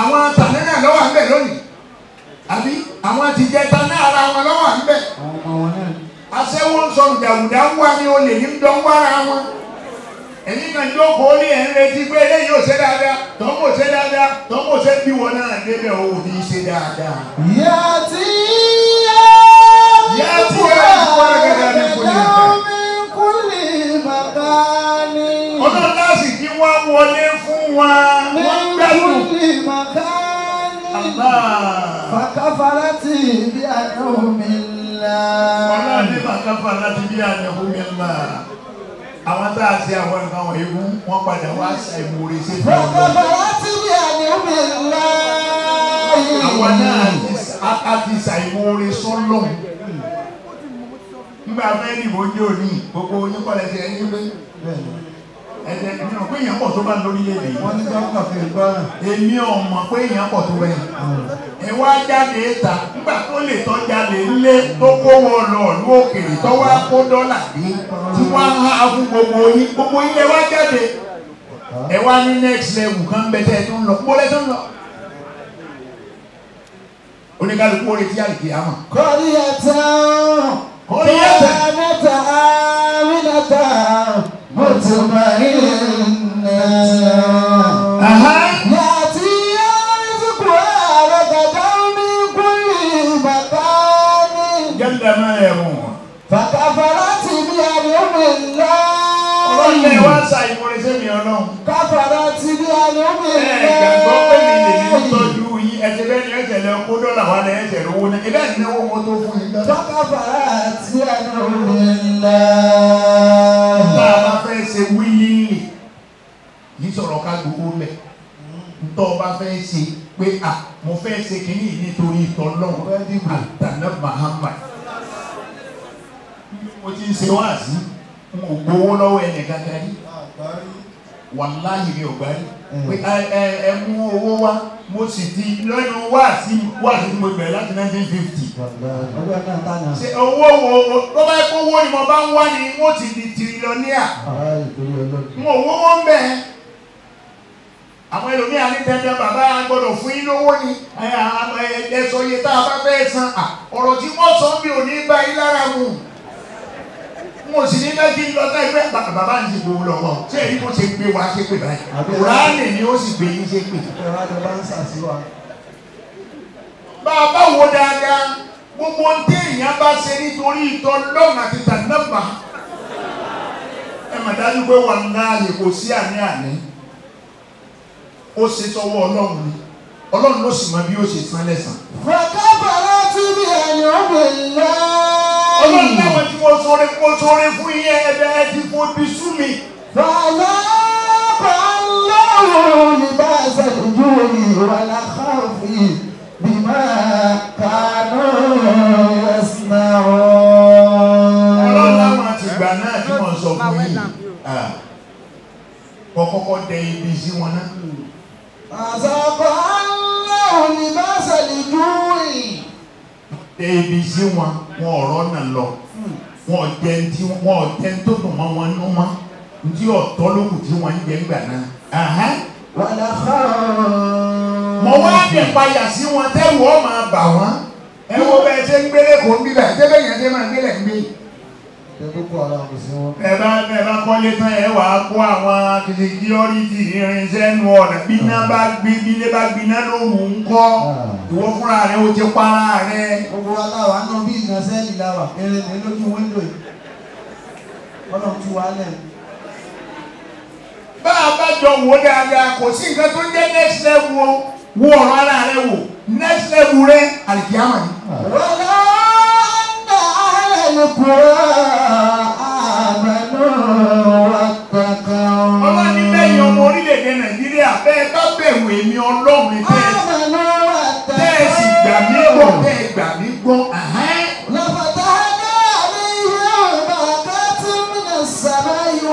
àwọn tàlẹ́ náà lọ́wọ́ àbẹ̀ lónìí àbí àwọn àtijẹ́ta náà ara wọn lọ́wọ́ àbẹ̀ àṣẹ́wó ń sọ̀rọ̀ jàwùdá ń wá ní olè ní ń dán wá ara wọn ẹ̀yin kan jókòó ní ẹ̀ ń retí pé eléyìí ò ṣe dáadáa tọ́n kò ṣe dáadáa tọ́n kò ṣe bí wọn náà débẹ̀ ò ní ṣe dáadáa. yàtí yàtí ọdún láti kí wọ́n wọlé fún wa wọ́n gbẹ́dùn. Fàkàfàrà ti bí àdéhùn mi ńlá. Ọlọ́run ní fàkàfàrà ti bí àdéhùn mi ńlá àwọn tá a ṣe àwọn nǹkan wọ̀nyí mú wọn padà wá ṣe ìmúre ṣe fún ọgbọ́n. ọ̀pọ̀lọpọ̀ wá ti rí àmì omi ńlá yìí. àwọn náà a ti ṣàìmúre sọ́lọ̀ nígbà mẹ́rin ìbò ní òní gbogbo onípọ̀lẹ́sẹ̀ ẹni pé ẹ̀jẹ̀ mi ò pé èèyàn pọ̀ tó bá lórí lè dè. wọ́n ní dókítà fi gbọ́. èmi ò mọ̀ pé èèyàn pọ̀ tó bẹ́ẹ̀. ìwà jáde ta nígbà tó lè tọ́ jáde lé tó kó wọn lọ ní òkèèrè tó wá kó dọ́là dé tí wọ́n á ha fún gbogbo yín gbogbo yín lè wá jáde. ẹ wá ní next level kan bẹ tẹ́ ẹ tó ń lọ gbólẹ́ tó ń lọ. oníkálukú orí tí àlùkí á mọ̀. kọ́rí ẹ̀ tán kọ́rí ẹ̀ tán mẹ́ta mí مطمئنا Fàkàfàràtì bí àlùmí ńlá. Ọlọ́lẹ̀ wá ṣàìmọ̀rẹ́ sẹ́mi ọlọ́run. Fàkàfàràtì bí àlùmí ńlá. Ẹ gbàgbọ́ pé mi lè ní tọ́jú yín ẹsẹ̀ bẹ́ẹ̀ ni ẹsẹ̀ lẹ kó dọ́là wà lẹ ẹsẹ̀ lówó náà. Ibẹ̀ ni wọ́n mọ tó fún yín. Fàkàfàràtì àlùmí ńlá. gbowó lẹ̀ ntọ́ bá fẹ́ ṣe pé à mo fẹ́ ṣe kínní nítorí tọ́lọ́run àtàná Muhammad mo ti ń ṣe wáàsí n ò gbowó lọ́wọ́ ẹnìkan kan rí wàláyé mi ò gbá rí hmm. pé ẹ ẹ mú owó wá mo sì ti lọ́nu wáàsí wáàsí mo bẹ̀rẹ̀ láti nineteen fifty ṣe owó wo ló bá kó owó ni mo bá ń wá ni mo ti di tirilọ́níà mo owó wọn bẹ́ẹ̀ àwọn ẹlòmíà ní dandan bàbá agbọ́dọ̀ fún yín lówó ni ẹsọ iye tá a bá fẹ́ san ọ̀rọ̀ tí wọ́n sọ mi ò ní bá yín lára mu n sì ní bá lọ bá bàbá ń ti lọ́wọ́ ṣé èyí kò ṣe gbé wa ṣe pè báyìí kùránì ni ó sì gbé yín ṣe pè. bàbá wo dáadáa gbogbo ohun tí èèyàn bá ṣe nítorí ìtọ́ lọ́nà àti tànàbà ẹ̀ màdájú pé wà náà lè kò sí àní àní ó ṣe sọ́wọ́ ọlọ́run ni ọlọ́run ló sì mọ bí ó ṣe san lẹ́san. fọkàbàrà tí mi ẹni ọ̀gbìn lọ. ọlọ́run náà tí mo sọ̀rọ̀ mo sọ̀rọ̀ fún iye ẹ̀bẹ̀ ẹ ti fò sú mi. bàbá bá lọ́wọ́ ní bá ìjú omi ìwà lákàfí bí máa kánú ẹ̀sìn náà. ọlọ́run náà ti gbà náà tí mo sọ fún yìí ah. kọ́kọ́kọ́ dẹ ibi sí wọn náà débi sí wọn wọn ọ̀rọ̀ náà lọ wọn jẹ ntí wọn jẹ tó dùn mọ́ wọn nú mọ́ ntí ọ̀tọ̀ ló kù tí wọ́n ń jẹ ńgbà náà. wàlá mo wá dé payà sí wọn tẹ́wọ́ máa bà wọ́n ẹ wo bẹ́ẹ̀ ṣe ń gbélé kò ń bí bẹ́ẹ̀ tẹ́lẹ̀ yẹn ṣe máa gbélé ń bí ẹ̀bá ẹ̀bá kọ́lé tán ẹ̀ wà á kó àwọn kìsìkìọ́rìtì irinṣẹ́ nu ọ̀nà gbiná bá gbin bílé bá gbiná lóhùn ń kọ́ ah. ìwọ fúnra rẹ o ti para rẹ. gbogbo aláwa náà bí ìgbọ̀nsẹ̀ ìlà wà kéré ní lójú wíńdò yìí ọlọ́run tú wa lẹ̀. bá a bá jọ wò dáadáa kò sí nǹkan tó ń jẹ́ next level wo ọ̀rọ̀ ara rẹ wò next level rẹ àlìkíyàmọ̀ ni. Ah. القرى آمنوا واتقوا ọlọ́run ní lẹ́yìn ọmọ orílẹ̀-èdè nàìjíríà bẹ́ẹ̀ bá bẹ̀rù èmi ọlọ́run ní bẹ́ẹ̀ bẹ́ẹ̀ sì gbà mí gbọ́ bẹ́ẹ̀ gbà mí gbọ́.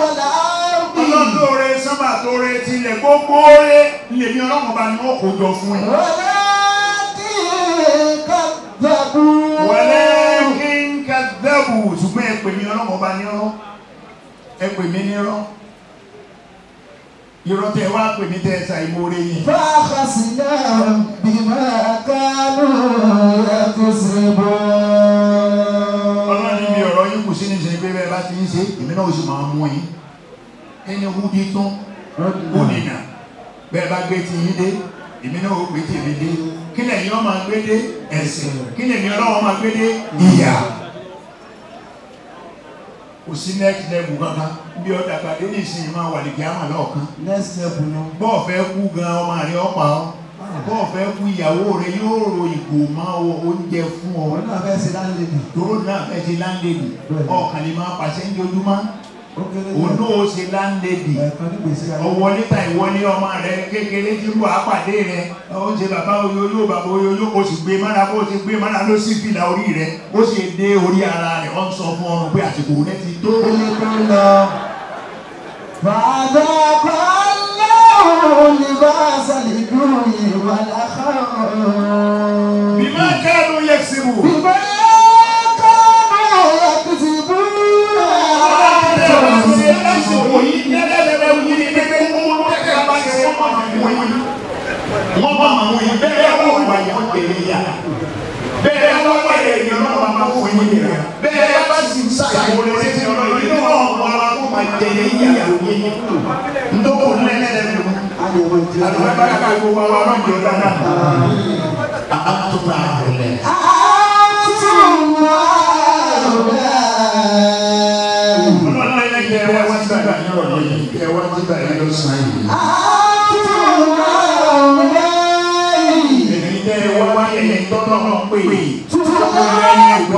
ọlọ́run lóore sábà tóore tilẹ̀ gbogbo oore lèmi ọlọ́run bá ní wọ́n kó jọ fún ẹ. Kálẹ́bù ṣùgbọ́n ẹ pè mí ọlọ́run ọba nírọ́ ẹ pè mí nírọ́ irọ́ tẹ wá pè mí tẹ ẹ ṣàìmoore yìí. fáfà sí náà bímọ kánú ẹkú sí bọ́. ọlọ́run níbi ọ̀rọ̀ yín kù sí ní ṣe pé bẹ́ẹ̀ bá ti ń ṣe èmi náà ó sì máa mú yín ẹni wúdi tún ó nìyà bẹ́ẹ̀ bá gbé ti yín dé èmi náà ó gbé tèmi dé kí lẹ́yìn ọmọ agbédé ẹ̀sìn kí lẹ́yìn ọlọ́wọ́ ọmọ agbédé ìyà kò sí next level kankan bí ọjà gbàdé ní ìsinyìí máa wà lìkì àmà lọ́ọ̀kan. next level náà. bọ́ọ̀ fẹ́ kú gan ọmọ rẹ ọ̀pá ọ bọ́ọ̀ fẹ́ kú ìyàwó rẹ yóò ro ìgò máa wọ oúnjẹ fún ọ. òun fẹ́ ṣe láńlẹ́dì. òun fẹ́ ṣe láńlẹ́dì. ọkàn lè máa pàṣẹ ń jojúmọ́ òun náà ṣe láńlẹ́dì ọwọ́ níta ìwọ ní ọmọ rẹ kékeré tí wọ́n á pàdé rẹ ó ṣe bàbá oyoyo bàbá oyoyo kò sì gbé mọ́ra kò sì gbé mọ́ra ló sì fìlà orí rẹ ó sì dé orí ara rẹ ó ń sọ fún ọrùn pé àsìkò rẹ ti tó. oye tó ń lọ bàbá bàálù ní bá sàlẹ̀ dùn ìwà làkàrọ̀. bí má kẹ́rù yẹ síbù. bí má kẹ́rù yẹ síbù. wọ̀nyí wọ́n bá máa wọ̀nyí bẹ́ẹ̀ wọ́n wà yìí wọ́n tẹ̀lé yà bẹ́ẹ̀ wọ́n wà yẹ̀ yìí wọ́n bá máa wọ̀nyí yìí bẹ́ẹ̀ bá sì ń sàkóso sí ọ̀rọ̀ yìí ní wọ́n wọ́n wà kó máa tẹ̀lé yà wọ̀nyí kù ntòkò lẹ́lẹ́lẹ́nu àdùnnà bá kà kó wà wà wọ́n jọ̀ọ́ dáná àbátúbà àbẹ̀lẹ̀. Ọlọ́run ẹlẹ́gbẹ̀ẹ́ wá síbẹ̀ yọ̀ọ́ yìí, ẹ wá síbẹ̀ yọ̀ọ́ sáyìn.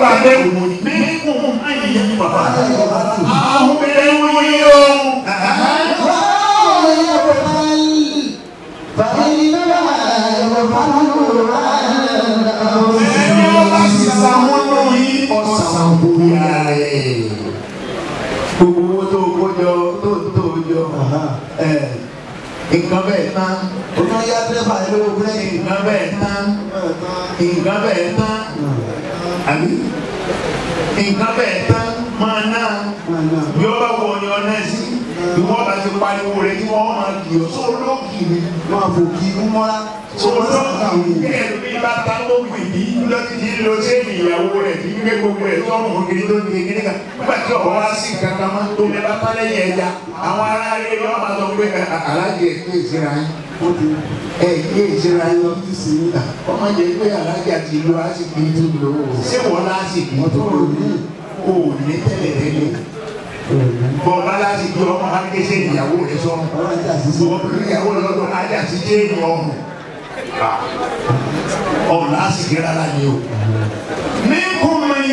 pàdé mímú ayé bàbá àwọn ewúyẹ o. ẹni ọba sì sàmúlò yìí ọ̀sán bóyá rẹ̀. gbogbo owó tó kó jọ tó tó jọ nǹkan bẹ́ẹ̀ tán. o tún yá dẹ́fà ẹ lówó búrẹ́dì. nǹkan bẹ́ẹ̀ tán. nǹkan bẹ́ẹ̀ tán. bí lọ ti di lọ sí ìyàwó rẹ̀ tí gbé gbogbo ẹ̀ tọ́ ọmọ kiri tó ti kiri kan nígbà tí ọ̀rọ̀ wá sí kankan máa ń tó bẹ́ẹ̀ bá pálẹ̀ yẹn ẹja àwọn ará rẹ̀ yọ máa sọ pé alájẹ ẹ̀ pé ìsira yín ó ti ẹ̀ pé ìsira yín ọtí sí i ọmọ jẹ pé alájẹ àti ìlú àsìkò yìí ti lò ó ṣé wọn lásìkò tó o ní o ní tẹ́lẹ̀ tẹ́lẹ̀ bọ́n bá lásìkò ọmọ akéṣe ìyàwó rẹ̀ sọ́mù bọ́n ìyàwó lọ́dọ̀ ajá ti dé ìyọ̀ ọ̀hún. Oh, sì kẹ́ra la ni o. ní kúrò máa ń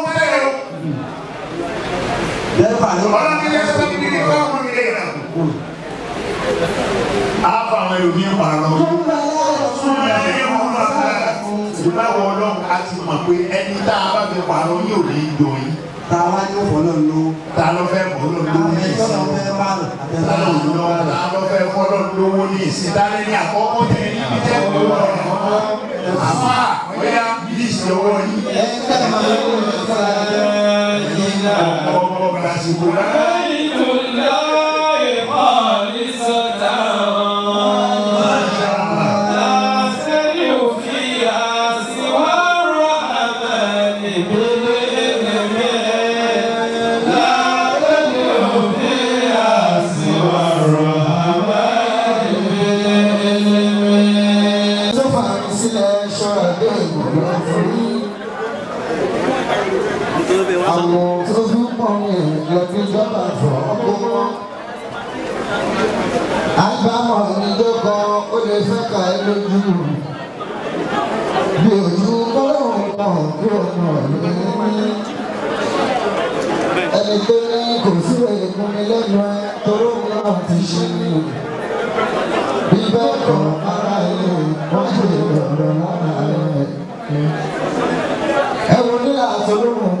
ọlọ́mọdé sábìlì ní fọ́ọ̀mù mi lè rà kú. a fa àwọn ẹlòmíín pààrọ̀ báwo ọlọ́run a ti mọ̀ pé ẹni tá a bá fi pààrọ̀ yóò ní dùn yín. ta wá ní òfòlò ló. ta ló fẹ́ fòlò ló ní ìsìn. ta ló fẹ́ bàrọ̀. ta ló lọ ta ló fẹ́ fòlò lówó ní ìsìn. ta lẹ́ni àkọ́kọ́ tẹ ní ibi tẹ́ kó lọ rẹ̀ mọ́. àmọ́ àkọ́yá bí ìṣòro yìí. ẹ fẹ́ máa ń lò ó أخرجنا وقبل سكراننا àwọn ojúmọ́ mi lọ ti jọba jọ ọgbọ́n. agbámọ̀ níjókòó ó lè sọ́kà ẹ lójú. bí ojú kọ́lọ́hún náà bí ọ̀nà ìrìn ẹni tó ní kò sí èèkún mi lẹ́nu wo ní àtọ́lóhùn.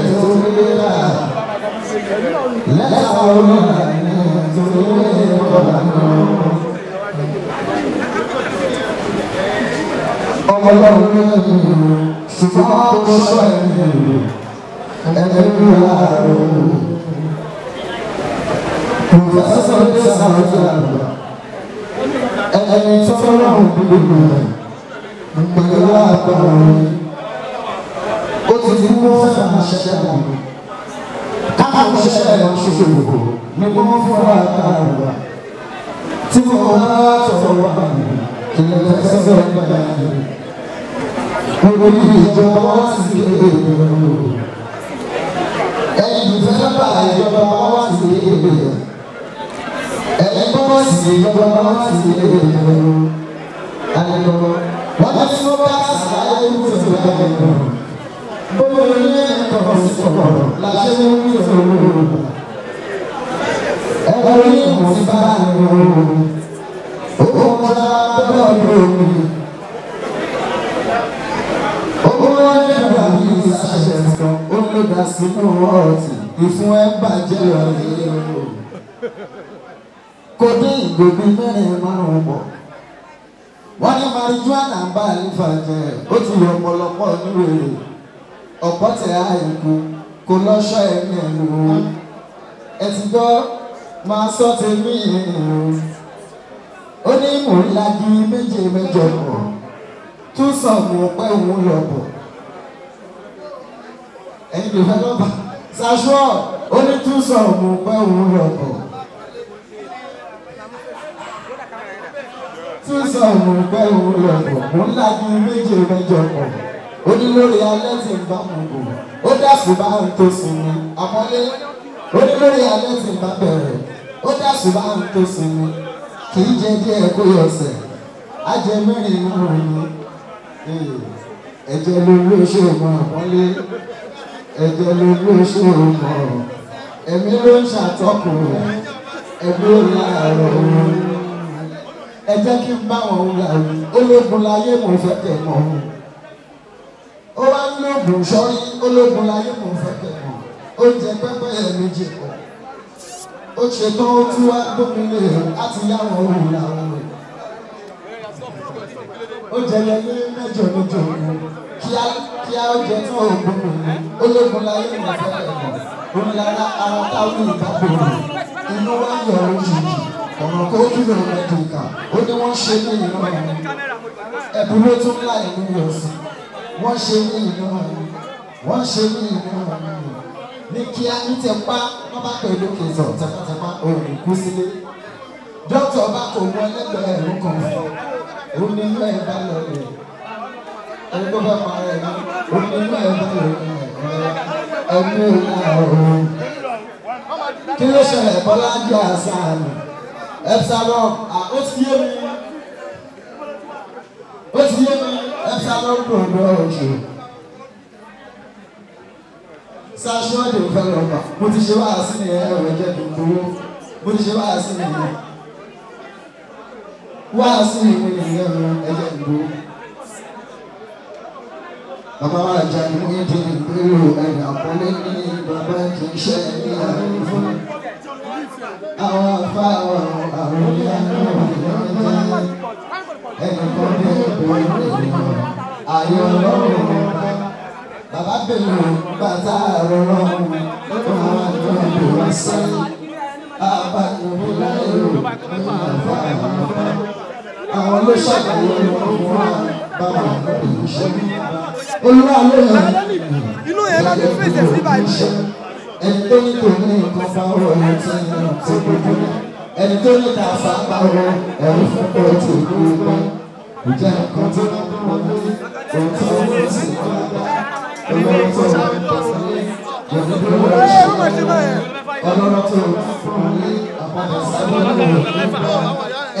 Ọmọlọ́run ṣùgbọ́n tó sọ ẹ̀yìn ẹ̀mí ààrùn. Pòfẹ́sọ̀ ló ṣàlùyà ẹni tó lọ́rùn gbogbo rẹ̀ pẹ̀lú àgbọ̀n rẹ̀. Ó ti kú fún àṣẹ àgbọ̀n akọ́ṣẹ́ ìránṣẹ́ ni mo fún wa àgbà tí mo bá tọ̀ wá kí lè fẹsẹ̀ gbà orí ìjọba sì èrò ẹ̀yìn fẹ́ bá ìjọba wá sí èrò ẹ̀gbọ́n sì ìjọba wá sí èrò àyẹ̀wò wọ́n ti ló bá sàlàyé ìwé ìjọba èrò gbogbo ilé ẹ̀kọ́ sọ̀rọ̀ láṣẹ lórí òru ẹ̀rọ ní ìwọ̀n bá ẹ̀rọ ó kọjá bẹ́ẹ̀ lórí. Owó ẹ̀rọ yìí ṣàṣẹ kan ó ló dá sínú ọ̀tí ìfún ẹ̀ bàjẹ́ ọ̀rẹ́ o. Kò dé ìgbòbi mẹ́rin márùn-ún pọ̀ wọ́n ní marijuana bá àlífà jẹ́ ó ti yọ ọ̀pọ̀lọpọ̀ nírò èrè ọ̀pọ̀tẹ̀ àìkú kò lọ́ṣọ́ ẹ̀mí ẹ̀rù o ẹ ti gbọ́ máa sọ tèmi ẹ̀rù ó ní mò ń lagi méje mẹ́jọ pọ̀ tó sàn mò ń pẹ́ òun lọ bọ̀ ẹ̀yin ló fẹ́ lọ́ba ṣaṣọ́ ó ní tó sàn mò ń òun lọ bọ̀ tó sàn mò ń òun lọ bọ̀ mò ń lagi méje mẹ́jọ pọ̀ onílórí alẹ́ tí ń bá wọn bò ó dàsùbà ń tó sinmi àmọ́lé onílórí alẹ́ tí ń bá bẹ̀rẹ̀ ó dàsùbà ń tó sinmi kì í jẹ díẹ̀ kó yọ ọ̀sẹ̀ ajẹ mẹ́rin náà ni ẹ̀jẹ̀ ló ló ṣe mọ àmọ́lé ẹ̀jẹ̀ ló ló ṣe mọ ẹ̀mí ló ń ṣàtọ́kùn rẹ̀ ẹ̀mí ó láàárọ̀ òun ẹ kí n bá wọn wúra ológun láyé mo fẹ́ tẹ̀ mọ́ ọ́n ó wá ń lóògùn sọ́rí ológun láyé mò ń fẹ́ kẹ̀kọ́ ó ń jẹ pẹ́pẹ́ ẹ̀ méjì pọ̀ ó ṣe tán ó tún wá gómìnà èrò láti e, yáwọn òun làwọn rẹ̀ ó jẹ yẹlé mẹ́jọ méjọ òun kíá kíá e, ó jẹ tán òògùn òun ológun láyé mò ń fẹ́ kẹ̀kọ́ òun lára ara táwọn ìbábò rẹ̀ inú wá yọ òjijì ọ̀nà kó dúró rẹ̀ dùn ó ní wọ́n ṣe ní ìran ẹ̀bùn ló tún láì ní yọ̀ wọ́n ṣe mí iná wọ́n ṣe mí iná ní kíá ní tẹpá wọ́n bá pẹ̀lú kìtọ̀ tẹpátẹpá òòrùn kú sílé dókítà bá kò wọ ẹlẹgbẹrẹ ẹrú kan fún un nínú ẹ bá lọ rẹ ẹni tó bá pa rẹ ní nínú ẹ bá lọ rẹ ẹmú ọrùn kí ló ṣẹlẹ̀ bọ́lá jẹ́ àṣà àmì ẹ̀ sábà ó ti yé mi. Sasha production. Sasha de Ofeloba. Mo ti ṣe wáhà sí nìyẹn ẹ̀rọ ẹ̀jẹ̀ tó gbowó. Mo ti ṣe wáhà sí nìyẹn. Wáhà sí nìyẹn nìyẹn ẹ̀rọ ẹ̀jẹ̀ tó gbowó. Bàbá wa jà ní ní ti ìgbéró ẹ̀yà àpọ́lé ní bàbá kì í ṣe ní àárín fún. Àwọn afá àwọn àròyé àwọn ọ̀rẹ́ ẹ̀yà ẹ̀yà kan bí ẹ̀bùn ẹ̀yà ayọ̀ ọlọ́run bàbá bèlè bàtà ọlọ́run nínú àwọn àjọ ìlú wa sẹ́yìn àbàkùnrin láyò nínú àfa àwọn ọba àwọn ló ṣàkóso ọlọ́run wa bàbá ọlọ́run ìṣẹ́bí olúwa ló yẹ inú yẹn ló ti fèsì sí báyìí. ẹni tó ní kò ní nǹkan bá wọ ẹni tí ń tí ń gbogbo ẹni tó ní kà fà bá wọ ẹni fún ọtí ìlú wọn ìjà kan tó bá tó wọn lórí ọ̀tá wọn sì dáadáa ọlọ́run tó wọn ń tọ́sí ọ̀dọ́ tó wọn ń ṣe ọlọ́run tó wọn ń fún wọn ní àpàdé sábà ní ìlú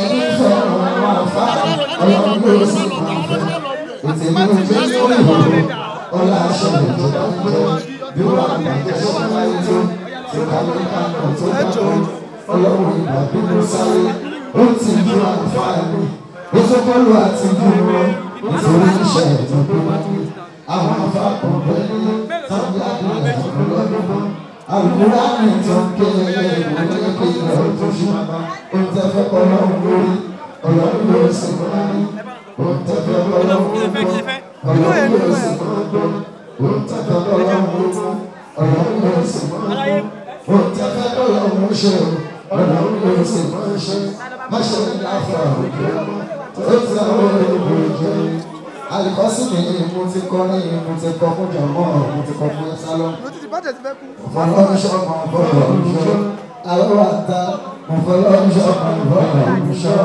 ẹni tó wọn wà fá ọlọ́run ló sì máa fẹ́ ìtẹ̀lẹ́ òfin tó lè wọ̀ ọlá aṣọ ìjọba ń gbé bí wọn àgbàdo ṣe wáyé tó ti ká ló ká kàn tó dákọ̀ ọlọ́run ìgbà bí mo sáré ó ti ju àǹfààní. Oso sọ fọlọ àti dúró nítorí iṣẹ́ ìtọ́gbọ́n àwọn afáàkùn bẹ́ẹ̀ tàbí àdúrà ìtọ́gbọ́n àwòrán ní ìtọ́gbẹ́ ẹ̀yẹ ìwọlé kéèyàn ojoojú ohun tẹ́ fẹ́ kọ́ lọ́wọ́ ọlọ́run ló sì máa ní ohun fẹ́ kọ́ lọ́wọ́ ọlọ́run ló sì máa gbọ́ ohun fẹ́ kọ́ lọ́wọ́ ọlọ́run ló sì máa gbọ́ ohun fẹ́ kọ́ lọ́wọ́ ọlọ́run ló sì máa ṣe má ní àfọ àwùjọ tó sọ òyìnbó jẹ. Àlìkọ́sí mi ni mo ti kọ́ ní mo ti kọ́ fún jọ̀mọ́ mo ti kọ́ fún sálọ́. Ọ̀fọlọ́ṣọ́ kan bọ̀rọ̀ ọ̀ṣọ́. Àlọ́ àta ọ̀fọlọ́ṣọ́ kan bọ̀rọ̀ ọ̀ṣọ́.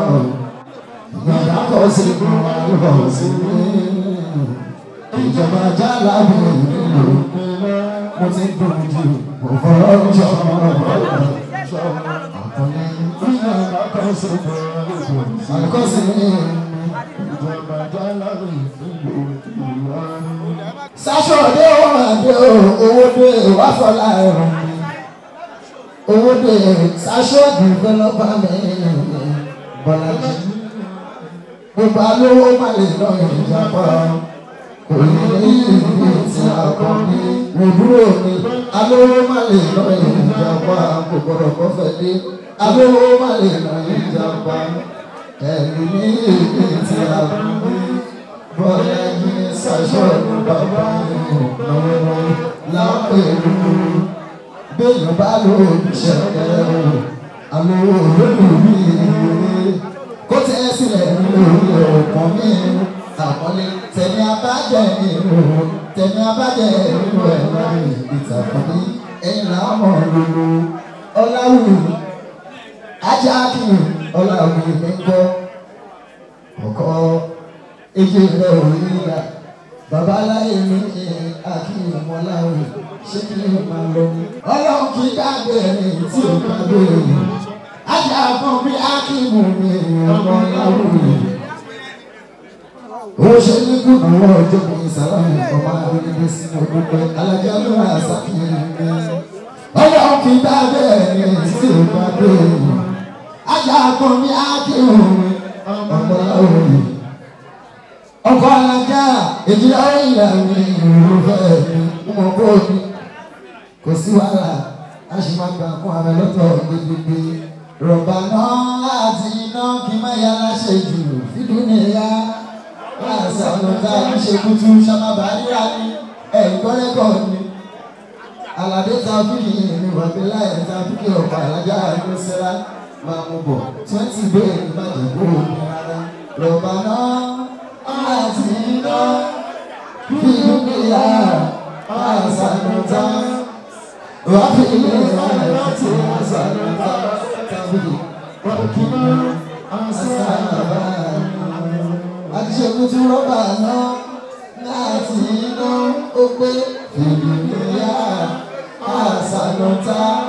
Ìgbàlá kọ́ sí kú àlọ́ sí mi. Ìjọba jálá mi nínú ìpínlẹ̀ mo ti dùn jù ọ̀fọlọ́ṣọ́ kan bọ̀rọ̀ ọ̀ṣọ́. Àkọ́lé ń kọ́ sásọ̀dé ọmọ àdé owó dé wá fọlá ẹ̀rọ owó dé sásọ̀dé fẹlọ́pà mi bọ̀lájì gbogbo alówó má lè lọ ìjàpá kò ní ìlú tí a kọ́ ní òdúró mi alówó má lè lọ ìjàpá kò gbọ́dọ̀ kọ́ fẹ́ dé abẹ́wò má lè nà ní ìjàmbá ẹ̀mí ní èyí tí a fún mi bọ́lá ní sàṣọ́ọ̀nù bàbá ìrànlọ́wọ́ lápẹ̀lú bẹ́ẹ̀ bá lóun ṣẹ̀kẹ́ o àwọn olóògbé mi kó tẹ́ sílẹ̀ lórí ọ̀pọ̀ mi àmọ́lé tẹ̀mí abájẹ́ nínú tẹ̀mí abájẹ́ nínú ẹ̀rọ ìtàkùn ní ẹ̀yìn làwọn ọ̀rọ̀ ọ̀làwùn ajá kìnnì ọlọ́run ìfẹ́ ń kọ́ ọ̀kọ́ ege rẹ̀ ò ní ìyá babaláyé mi ní akínyìn mọ́láwì ṣé kí n máa lọ ní. ọlọ́run kì í dágbé ẹni tí ò bá béèrè ajá fún mi akínyìn mi ọmọ Oṣèlú kùnà ọjọ́ mi sàlámù ọmọ abẹ́rẹ́ sínú ọgbọ́n alájà lóra sàkínyìn mi. Ọlọ́run kì í dágbé ẹni tí ò bá béèrè ajagun ní akéwòn ọmọ òní. ọkọ alájà èjì ọ̀yà mi ìrúfẹ́ mi mú kó mi kò sí wàhálà a sì máa gbà fún ààrẹ lọ́tọ̀ gbẹgbẹgbẹ rọ̀bà náà láti iná kí má yá láṣẹ jù fídú nìyá láàṣà ọ̀nà tá a ń ṣe kútu ṣàmàbà ríra ní ẹ̀gbọ́rẹ́kọ̀ ni aládé ta fúkì ìrìn wàbí láyé ta fúkì ọ̀pọ̀ alájà àgbẹ̀sẹ̀lá máa mú bọ̀ twenty bẹ́ẹ̀ ni máa jẹ́ kó o ní rárá. Rọ̀bà náà máa ti ná bí dúkìá máa sànù tán. Wà á fi ilé ìlànà tí wọ́n sànù tán tàbí òkìní àṣàbà. Àṣekútú rọ́bà náà máa ti ná ó pé dúkìá máa sànù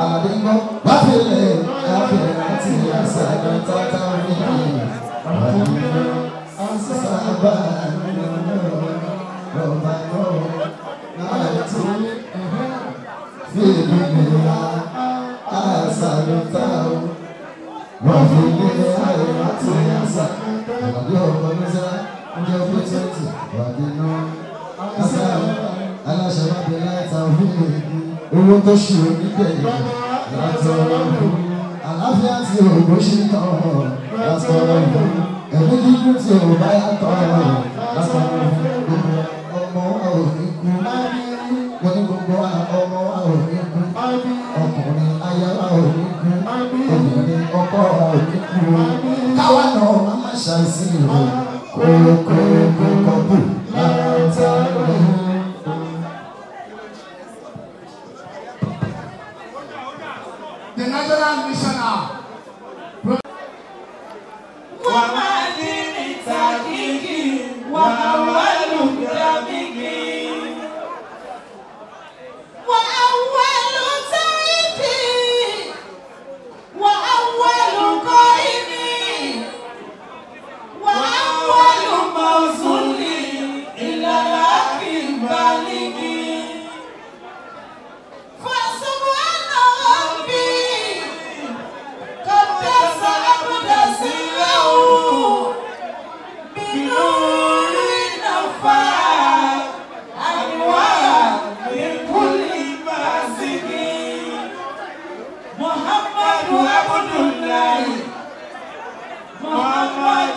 àdínkù. Wà á fi ilé ìlànà ti àṣàgbà tata nìyí àdúgbò àṣàgbà nìyí ọba náà láti fìdí nìyà àṣàgbà táwọn wọ́n fi nílé ayé láti àṣàgbà àbí ọmọ nísà ní ọdún twenty wàdí náà àṣàgbà aláṣẹ wàdí láti àwọn fìdí owó tó ṣe onígbẹ̀yìn láti ọlọ́run tí òwò ṣe tán lásán ẹ̀mí dídùn tí òwò bá yàtọ̀ lásán ọmọ The national missioner. ومدين تحقيقي وأول جابقي وأول تحقيقي وأول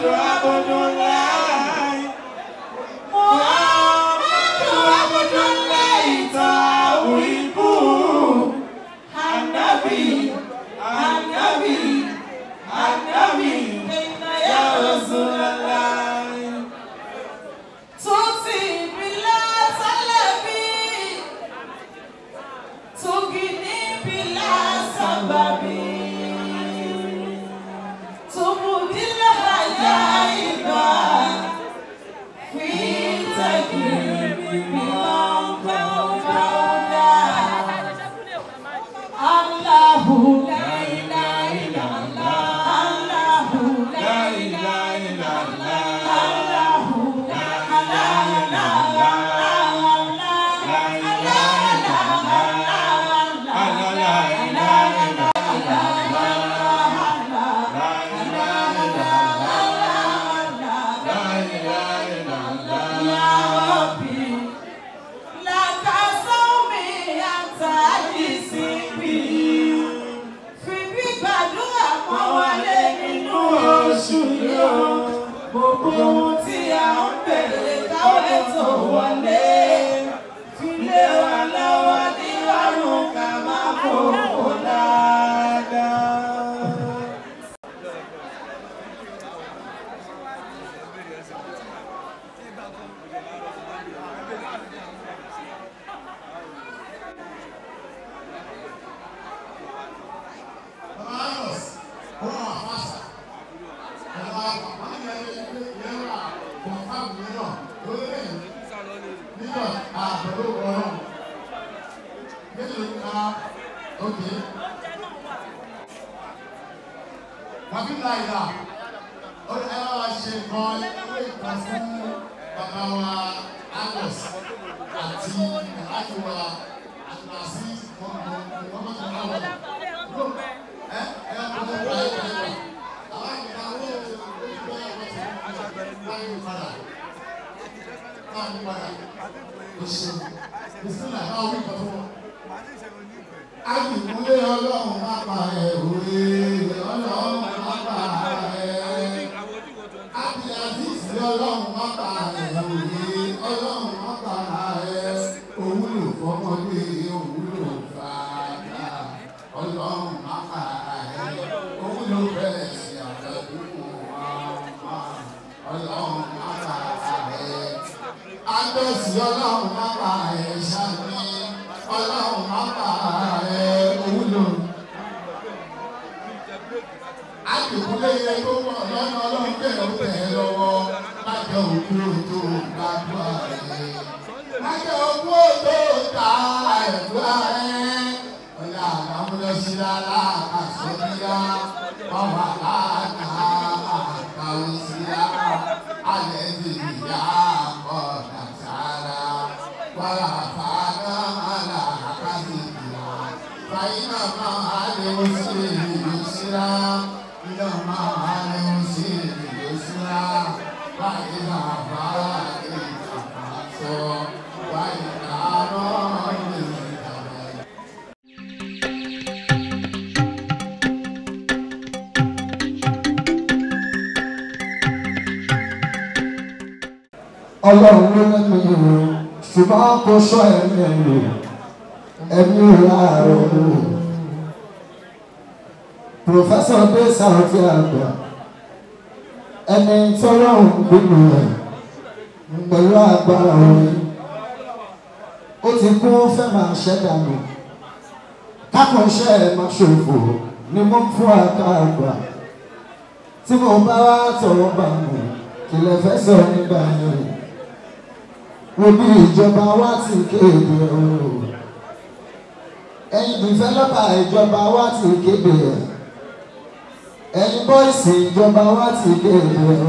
forever. Àdìmúlé ọlọ́run má pa ẹ̀rù èrè ọlọ́run má pa ẹ̀rù. Àdìyàdìsí ọlọ́run má pa ẹ̀rù èrè ọlọ́run má pa ẹ̀rù. Òun lò fọ́mọdé. ìmúlẹ̀yẹ tó wà lọ́nà ọlọ́pẹ̀ ọ̀pẹ̀ lọ́wọ́ májọ òkú òjò gbàgbọ́ rẹ̀. májọ òkú òjò ọlọ́run ló lẹ́nu yìí o ṣùgbọ́n kò sọ ẹ̀mí ẹ̀mí ẹ̀mí láàárọ̀ o. pòfẹ́sọ̀ dé sàrọ̀tì àgbà ẹni tọ́lọ́run gbogbo rẹ̀ pẹ̀lú agbára orin ó ti kún fẹ́ máa ṣẹ́ dànù kákànṣẹ́ ẹ̀ máa ṣòfò ni mo ń fún ata àgbà tí mo bá wá tọ̀wọ́ bá mọ̀ fẹ́ sọ nígbà yẹn. Omi ìjọba wa ti kéde o. Ẹ̀yin dìfẹ́lọ́pà ìjọba wa ti kéde. Ẹ̀yin bọ́ìsì ìjọba wa ti kéde o.